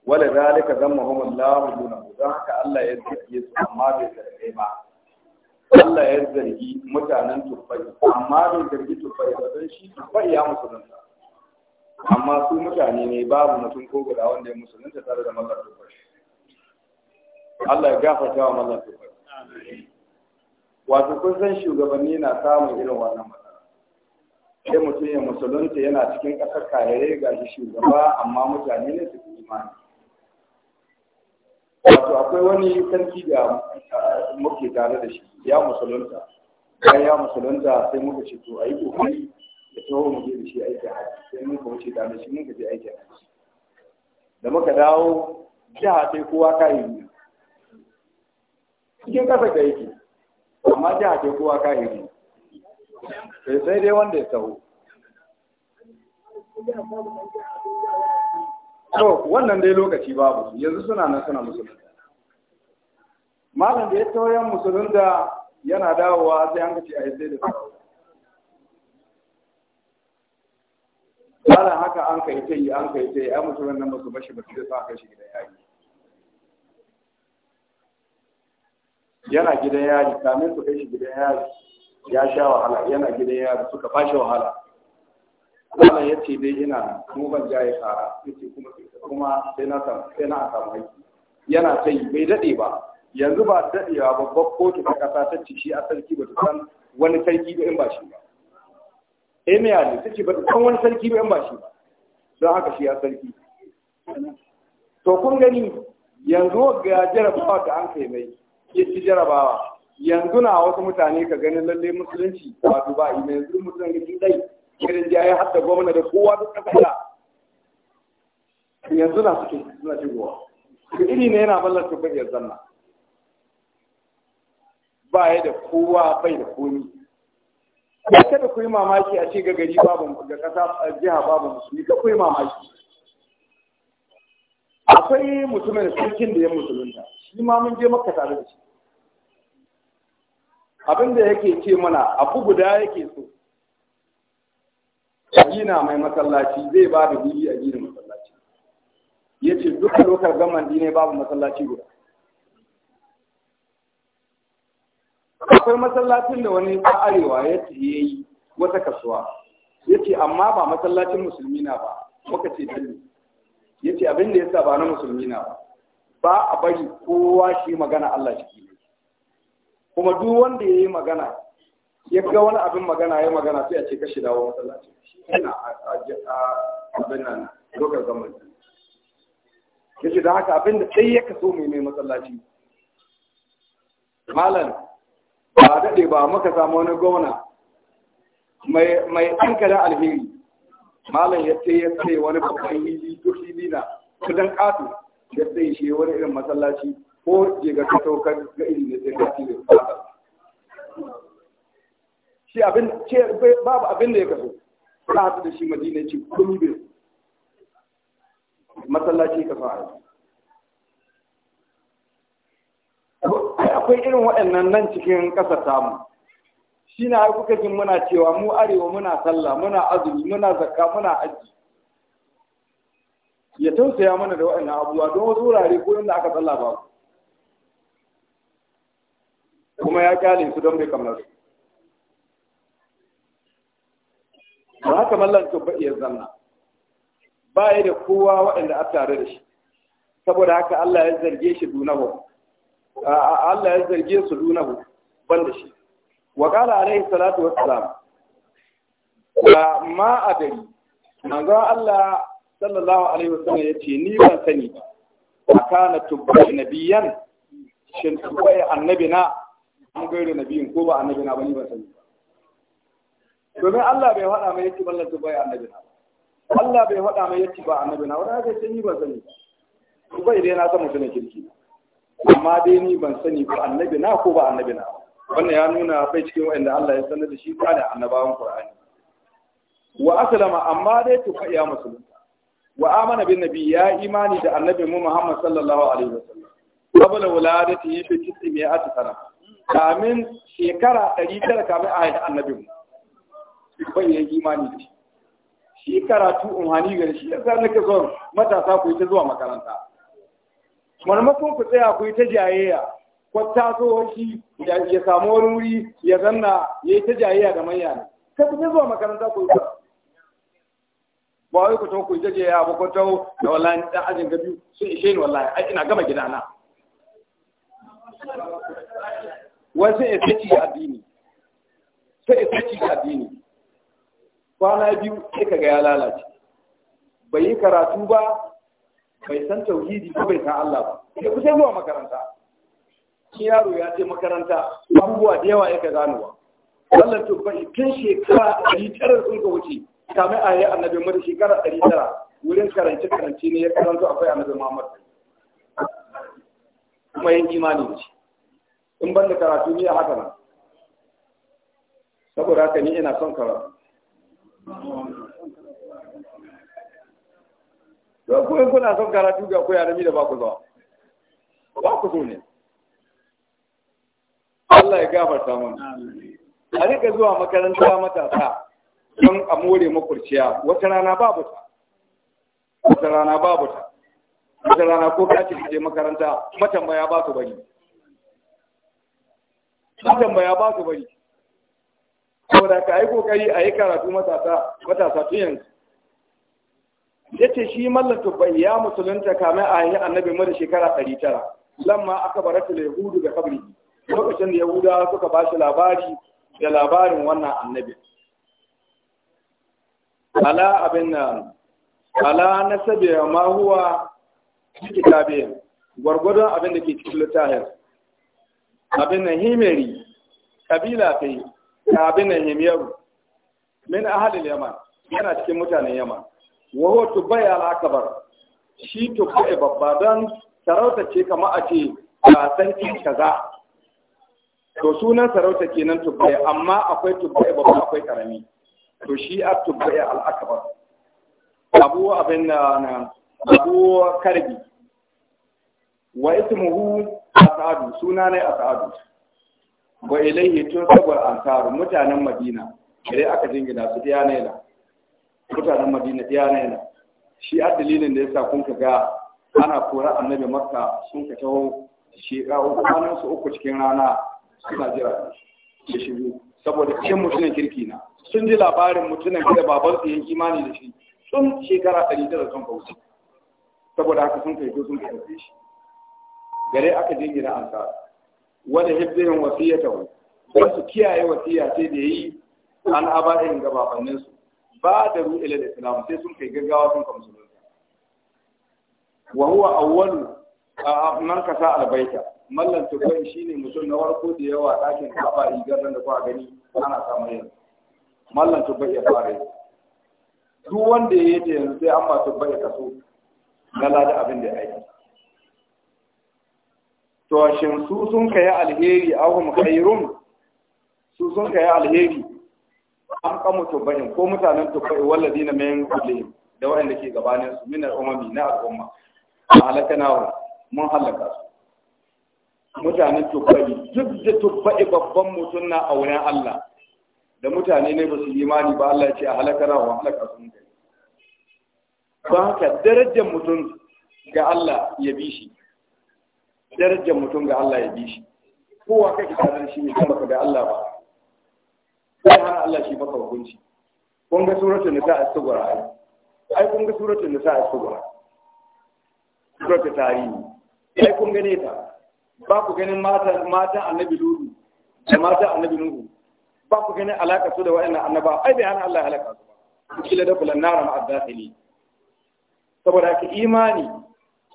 wala zalika zan Allah duna dan haka Allah ya zarge su amma bai zarge ba Allah ya zargi mutanen tufai amma bai zargi tufai ba don shi tufai ya musulunta amma su mutane ne babu mutum ko guda wanda ya musulunta tare da mallar tufar Allah ya gafarta wa mallar tufar wato kun san shugabanni na samun irin wannan matsala sai mutum ya musulunta yana cikin ƙasar kayayyar shi shugaba amma mutane ne su imani wato akwai wani sarki da muke tare da shi ya musulunta bayan ya musulunta sai muka ce to a yi kokari da taho mu je da shi aikin hajji sai mun ka wuce da shi mun ka aiki a hajji da muka dawo jiha sai kowa kahiri cikin ƙasa ka yake amma jiha sai kowa kahiri sai eh, sai dai wanda ya taho to wannan dai lokaci babu yanzu suna nan suna musulunta malam da ya taho yan musulunta yana dawowa sai an ka a yi sai da tsawo ana haka an kai ta yi an kai ta yi ai mutumin nan ba su bashi ba zai sa shi gidan yaji yana gidan yaji kamin su kai shi gidan yaji ya sha wahala yana gidan yaji suka bashi wahala kuma ya ce dai ina mu ban jaye kara yace kuma kuma sai na samu sai na samu aiki yana ta yi bai dade ba yanzu ba dadewa babbar kotu ta kasa ta ci shi a sarki ba ta san wani sarki da in ba shi ba eh mai yadda ta ce ba ta wani sarki ba yan ba shi ba don haka shi ya sarki to kun gani yanzu ga jarabawa da an kai mai ya ci jarabawa yanzu na wasu mutane ka gani lalle musulunci ba su ba ime yanzu mutum rikin dai irin ya yi hadda gwamna da kowa duk kasa yanzu na suke suna shigowa ga iri ne yana ballar su bai zanna ba ya da kowa bai da komi ba kada ku yi mamaki a ce ga gari babu ga ƙasa jiha babu musulmi ka ku yi mamaki akwai mutumin sarkin da ya musulunta shi ma mun je makka tare da shi abin da yake ce mana abu guda yake so gina mai masallaci zai ba da bibi a gina masallaci ya ce duka lokar gama ne babu masallaci guda akwai masallacin da wani ta arewa ya ce ya yi wata kasuwa ya ce amma ba masallacin musulmi na ba muka ce dalli ya ce abin da ya sa ba na musulmi na ba ba a bari kowa shi magana Allah shi kuma duk wanda ya yi magana ya ga wani abin magana ya magana sai a ce kashi dawo masallaci shi yana a abin nan dokar zaman ya ce da haka abin da ɗaya ya kaso mai mai masallaci malam ba daɗe ba maka samu wani gona mai ɗankalin alheri malam ya ce ya ce wani babban yi duk hili kudan ƙato ya ce shi wani irin masallaci ko je ga ta saukar ga irin da sai kaci da ƙasar shi abin ce babu abin da ya kaso ta hatu da shi madina ce kullum masallaci ka so a yanzu akwai irin waɗannan nan cikin ƙasar tamu shi na kuka jin muna cewa mu arewa muna sallah muna azumi muna zakka muna aji. ya tausaya mana da waɗannan abubuwa don wasu wurare ko inda aka tsalla ba kuma ya kyale su don bai kamar su ba haka mallan tubba iya zanna ba ya da kowa waɗanda a tare da shi saboda haka Allah ya zarge shi dunawa. Allah ya zarge su hu ban da shi wa qala alaihi salatu wassalam ma adari manzo Allah sallallahu alaihi wasallam yace ni ban sani ba akana tubbi nabiyan shin annabi na an gaira nabiyin ko ba annabina ba ni ban sani domin Allah bai faɗa mai yace ballan annabi na. Allah bai faɗa mai yace ba annabina wanda haka yake ni ban sani tubbi dai na san mutumin kirki amma dai ni ban sani ba annabi na ko ba annabi na wannan ya nuna bai cikin wanda Allah ya sanar da shi kana annabawan Qur'ani wa aslama amma dai to fa ya musulunta wa amana bin nabi ya imani da annabi mu Muhammad sallallahu alaihi wasallam qabla wuladatihi bi tis'ati sana kamin shekara 900 kamin a haifi annabi mu bai ya imani da shi shi karatu umhani gari shi Ya yasa nake so matasa ku yi ta zuwa makaranta marmakon ku tsaya ku yi ta jayayya ko taso shi ya samu wani wuri ya zanna ya yi ta jayayya da manya ne ka fi zuwa makaranta ku yi ba wai ku tau ku jayayya ba ku tau da wallahi dan ajin gabi sun ishe ni wallahi ai ina gama gida na. wasu ya saki addini sai ya saki addini kwana biyu sai ga ya lalace bai yi karatu ba bai san tauhidi ko bai san Allah ba sai kusa zuwa makaranta shi yaro ya ce makaranta abubuwa da yawa yake ganowa wannan tubbai tun shekara ɗari tara sun ka wuce kamar a yi annabi mu shekara ɗari tara wurin karance karance ne ya karanto akwai annabi Muhammad kuma yin imani ne in ban da karatu ne a haka nan saboda haka ni ina son karatu to ko in kuna son karatu ga koya da mi da ba ku zuwa ba ku so ne Allah ya gafarta mana a rika zuwa makaranta matasa don a more makurciya wata rana babu ta wata rana babu ta wata rana ko ka ci je makaranta matambaya ba su bari matambaya ba su bari saboda ka yi kokari a yi karatu matasa matasa tun yanzu Ya ce shi mallaka bai ya musulunta kamar a yi annabi mu da shekara 900 lamma aka barata yahudu da kabri lokacin da yahudawa suka ba shi labari da labarin wannan annabi ala abin nan ala nasabi ma huwa kitabe gwargwadon abin da ke cikin littafin abin nan himeri kabila kai abin nan himyaru min ahalil yaman yana cikin mutanen yaman wa huwa tubai al-akbar shi tubai babba dan sarauta ce kamar a ce ga sarki kaza to sunan sarauta kenan tubai amma akwai tubai babba akwai karami to shi a tubai al-akbar abu abin na abu karbi wa ismuhu asadu suna ne asadu wa ilayhi tun sabar ansaru mutanen madina idan aka jingina su diya ne mutanen madina ɗaya na yana shi a dalilin da yasa kun ka ga ana kora annabi makka sun ka taho shi kwanan su uku cikin rana suna jira da shigo saboda cikin mutunan kirki na sun ji labarin mutumin da baban su yin imani da shi sun shekara ɗari da sun kauce saboda haka sun kai sun kai shi gare aka je gida an sa wani hibbirin wasiyyata wani su kiyaye wasiya ce da yi an abarin ga babanninsu ba da ru ila islam sai sun kai gaggawa sun kamsu wa huwa awwalu ka sa albaita mallan tukai shine mutum na farko da yawa dakin kaba yi nan da kuka gani ana samu yanzu mallan tukai ya fara duk wanda ya yi yanzu sai an ba tukai ya kaso na da abin da ya aiki to shin su sun kai alheri aw hum su sun kai alheri an kamu tubahin ko mutanen tubai wallazi na mayan kullum da waɗanda ke gabanin su min al'umami na al'umma a halakanawa mun halaka su mutanen tubai duk da tubai babban mutum na a wurin Allah da mutane ne ba su imani ba Allah ce a halakanawa halaka sun gani ba haka darajar mutum ga Allah ya bi shi darajar mutum ga Allah ya bi shi kowa kake tare da shi ne kuma ga Allah ba sai har Allah shi baka hukunci kun ga suratul nisa a sugura ai ai kun ga suratul nisa a sugura suratul tarihi ai kun gane ta ba ku ganin mata mata annabi lulu da mata annabi nuhu ba ku ganin alaka su da wa'annan annaba ai bai hana Allah ya halaka su ba kila da kullun nara ma'a dakhili saboda haka imani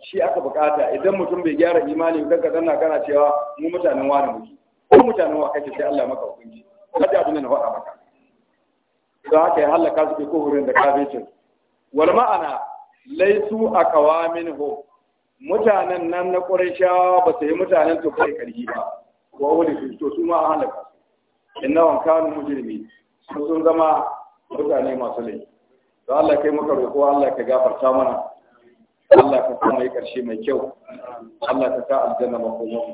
shi aka bukata idan mutum bai gyara imani kanka zanna kana cewa mu mutanen wani muke ko mutanen wa kace sai Allah maka hukunci kaji abin da na faɗa maka don haka ya halaka su ke kohurin da kafircin wal ma'ana laisu a kawamin ho mutanen nan na ƙurashawa ba su yi mutanen su kai ƙarfi ba wa wani kristo su ma a halaka su inna wan kanu mujrimi sun zama mutane masu laifi to Allah kai maka roƙo Allah ka gafarta mana Allah ka sa mai karshe mai kyau Allah ka sa aljanna makomo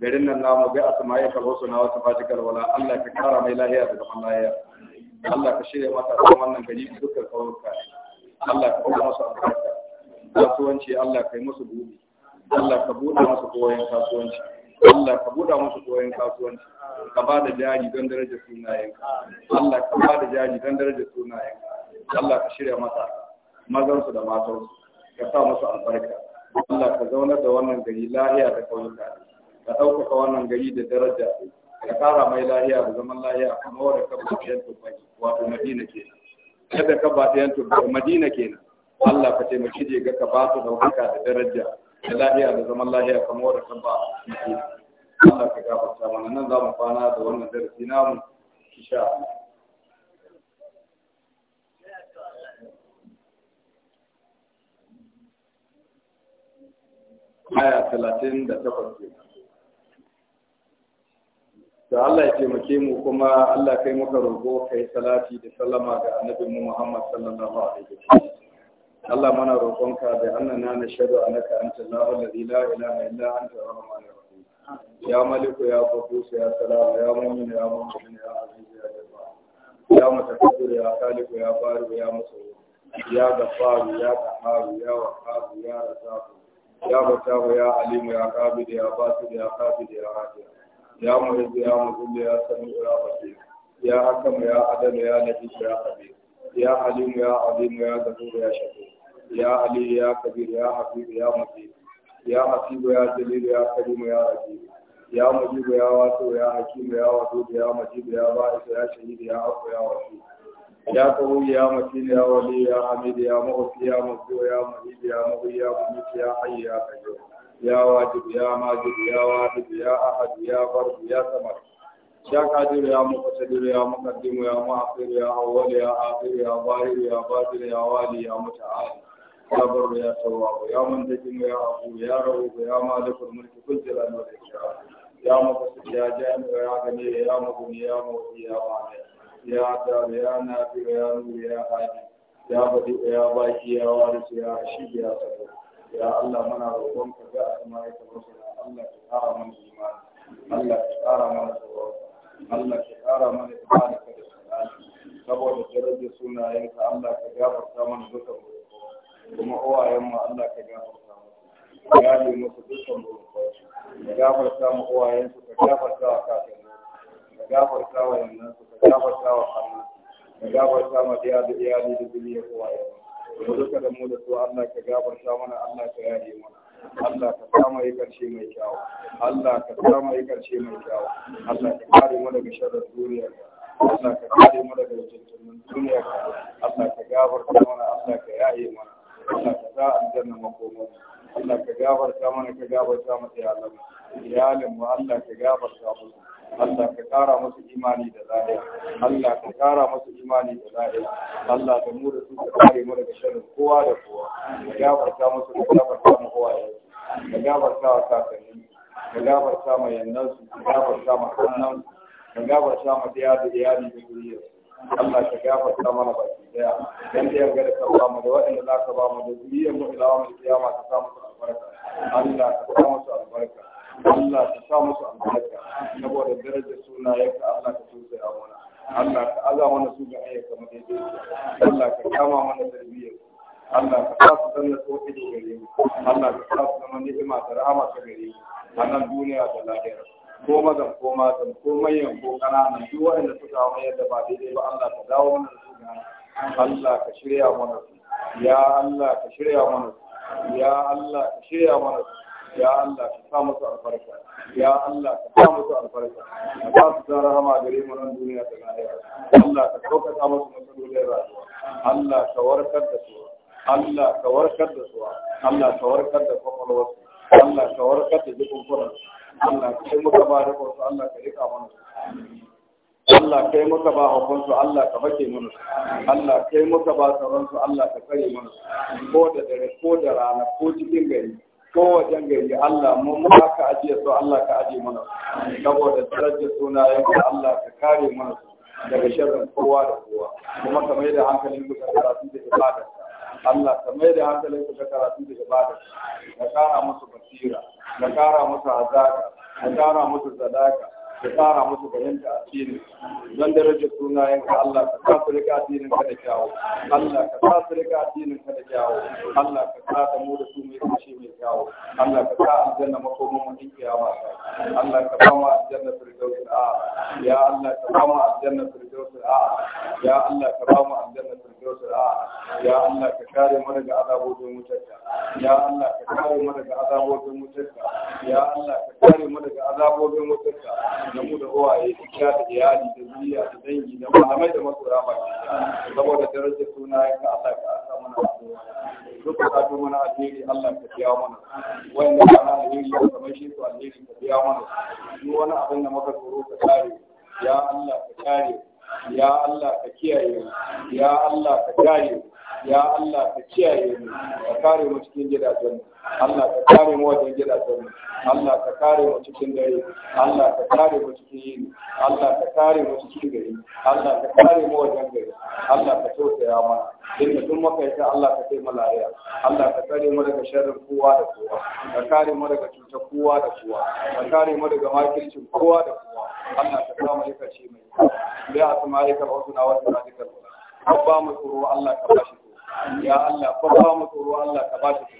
garin nan namu bai asma'i kalwasu na wasu fatikal wala Allah ka kara mai lahiya da zaman lahiya Allah ka shirya mata a wannan gari dukkan kawarka Allah ka kuma musu albarka kasuwanci Allah ka yi musu buɗi Allah ka buɗe musu koyon kasuwanci Allah ka buɗe musu koyon kasuwanci ka ba da jari don darajar sunayenka Allah ka ba da jari don darajar sunayenka Allah ka shirya mata mazansu da matansu ka sa musu albarka Allah ka zaunar da wannan gari lahiya da kauyuka ka ɗaukaka wannan gari da daraja ka ƙara mai lahiya da zaman lahiya kuma wadda ka ta yanto wato madina kenan Kada ka ba ta yanto madina kenan Allah ka taimaki je ga ka ba su ɗaukaka da daraja da lahiya da zaman lahiya kuma wadda ka ba madina Allah ka gafarta mana nan za mu kwana da wannan darasi namu insha Allah aya talatin da takwas ke da Allah ya taimake mu kuma Allah kai muka roƙo kai salati da sallama ga annabin mu Muhammad sallallahu alaihi wasallam Allah mana roƙonka da annana na shadu annaka anta Allahu alladhi la ilaha illa anta ar-rahmanir rahim ya maliku ya qudus ya salam ya mu'min ya mu'min ya aziz ya jabbar ya mutakabbir ya khaliq ya barik ya musawwir ya ghaffar ya qahhar ya wahhab ya razzaq يا فتاه يا عليم يا قابل يا باسل يا قابل يا عادل يا معز يا مذل يا سميع يا بصير يا حكم يا عدل يا لطيف يا خبير يا حليم يا عظيم يا ذكور يا شكور يا علي يا كبير يا حفيظ يا مجيد يا حسيب يا جليل يا كريم يا رجيب يا مجيب يا واسع يا حكيم يا ودود يا مجيد يا بائس يا شهيد يا عفو يا وكيل ya kawo ya mace ya wali ya hamidu ya mahaifi ya mafi ya mahaifi ya mahaifi ya mahaifi ya hayi ya kayo ya wajibu ya majibu ya wajibu ya ahadu ya farbu ya samar ya kadir ya mukaddir ya mukaddimu ya mu'akhir ya awwal ya akhir ya zahir ya ya wali ya muta'al ya bar ya tawwab ya man dakim ya abu ya rawu ya malikul mulk kul jalal wal ikram ya mukaddir ya jami ya gani ya mabni ya mawdi ya dare ya na fiye ya nuri ya haji ya faɗi ya baki ya ya shige ya ya Allah mana roƙon ka ga kuma ya tabbata sana Allah ki ƙara mana imani Allah ki ƙara mana mana imani ka da salati saboda darajar sunayen ka Allah ka gafarta mana duka mu kuma uwayen mu Allah ka gafarta mu ya yi duka mu ka gafarta mu uwayen su ka gafarta wa kafin gafarta wa yannan su ka gafarta wa hannun ka gafarta ma da da iyali da zuriya kowa yau da duka da mu da su Allah ka gafarta mana Allah ka yare mana Allah ka kama yi karshe mai kyawu Allah ka kama yi karshe mai kyawu Allah ka kare mu daga sharrin duniya Allah ka kare mu daga jintunan duniya Allah ka gafarta mana Allah ka yaye mana Allah ka sa aljanna makomar Allah ka gafarta mana ka gafarta mu iyalan mu iyalan mu Allah ka gafarta musu Allah ka kara musu imani da lafiya Allah ka kara musu imani da lafiya Allah ka mu da su ka kare mu daga sharrin kowa da kowa ka gafarta musu ka gafarta mu kowa ya ka gafarta wa kakanni ka gafarta ma yannan su ka gafarta ma kannan ka gafarta ma diya da iyali da zuriyar Allah ka gafarta mana baki daya dan da yarda da ka ba mu da waɗanda za ka ba mu da zuriyar mu ila wa mu kiyama ka samu albarka Allah ka samu albarka Allah ka sa musu albarka Na suna darajar ka Allah ka a mana Allah ka aza mana su ga ayyuka madaidai Allah ka kama mana tarbiyyar Allah ka sa su zanna tsoki da gare mu Allah ka sa su zama ni'ima da rahama ta gare mu a nan duniya da lahira ko mazan ko matan ko manyan ko ƙananan duk waɗanda suka hawa yadda ba daidai ba Allah ka dawo mana su ga Allah ka shirya mana su ya Allah ka shirya mana su ya Allah ka shirya mana su ya Allah ka sa musu albarka ya Allah ka sa musu albarka ka ba su da rahama gare mu nan duniya da lahira Allah ka sauƙaƙa musu matsalolin rayuwa Allah ka warkar da su Allah ka warkar da su Allah ka warkar da kwakwalwarsu Allah ka warkar da jikin kuransu Allah ka yi muka ba da Allah ka rika mana Allah kai maka ba hukunsu Allah ka bake mana Allah kai maka ba tsaronsu Allah ka kare mana ko da dare ko da rana ko cikin gari kowace gari Allah mu muka ka ajiye su Allah ka ajiye mana saboda darajar sunayen ka Allah ka kare mana daga sharrin kowa da kowa kuma ka mai da hankalin ku karatu da ibada Allah ka mai da hankalin ku ga karatu da ibada ka kara musu basira ka kara musu azaka ka kara musu sadaka ka fara musu fahimta addini don darajar sunayenka Allah ka sa su rika addinin ka da kyawu Allah ka sa su rika addinin ka da kyawu Allah ka sa da mu da su mai kashi mai kyawu Allah ka sa aljanna makomin mu din kiyama Allah ka ba mu aljanna firdaus a ya Allah ka ba mu aljanna firdaus a ya Allah ka ba mu aljanna firdaus a ya Allah ka kare mu daga azabobin mutunta ya Allah ka kare mu daga azabobin mutunta ya Allah ka kare mu daga azabobin wutarka da mu da uwaye da da iyali da zuriya da dangi da malamai da masoya ba saboda darajar suna ya ka Allah ka asa mana duk ka tu mana alheri Allah ka biya mana wanda ka na alheri ya kamar shi su alheri ka biya mana duk wani abin da muka tsoro ka kare ya Allah ka kare ya Allah ka kiyaye ya Allah ka kare ya Allah ka kiyaye mu ka kare mu cikin gidajen mu Allah ka kare mu wajen gidajen mu Allah ka kare mu cikin dare Allah ka kare mu cikin yini Allah ka kare mu cikin gari Allah ka kare mu wajen gari Allah ka ya mana inda duk muka yi Allah ka kai malaria Allah ka kare mu daga sharrin kowa da kowa ka kare mu daga cutar kowa da kowa ka kare mu daga makircin kowa da kowa Allah ka kama mu shi mai ya asma'ika wa sunna wa sunnatika ka ba tsoro Allah ka ba shi ya Allah ka ba tsoro Allah ka ba shi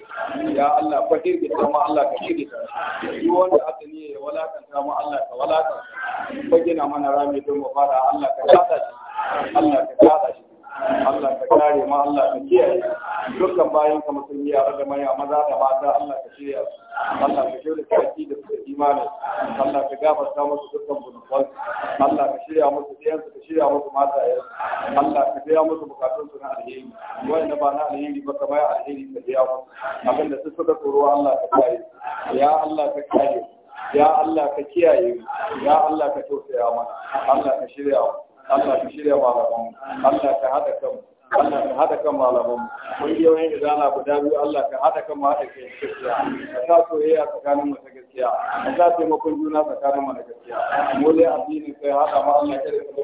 ya Allah ka hirgita mu Allah ka hirgita duk wanda aka ne ya walakanta mu Allah ka walakanta ka gina mana rami don mu fara Allah ka kada shi Allah ka kada shi Allah ka kare ma Allah ka kiyaye dukkan bayan ka musulmi a da maya maza da mata Allah ka shirya Allah ka shirya kaki da su imani Allah ka gafarta musu dukkan zunuban Allah ka shirya musu diyan ka shirya musu mata ya Allah ka biya musu bukatun su na alheri wanda ba na alheri ba kamar alheri ka biya musu abin da su suka tsoro Allah ka kare ya Allah ka kare ya Allah ka kiyaye ya Allah ka tausaya mana Allah ka shirya mana Allah ka shirya malaman Allah ka hada kan Allah ka hada kan malaman kungiyoyin izana guda biyu Allah ka hada kan mu hada kai gaskiya ka sa soyayya tsakanin mu ta gaskiya ka sa taimakon juna tsakanin mu na gaskiya mu dai addini kai hada ma Allah ka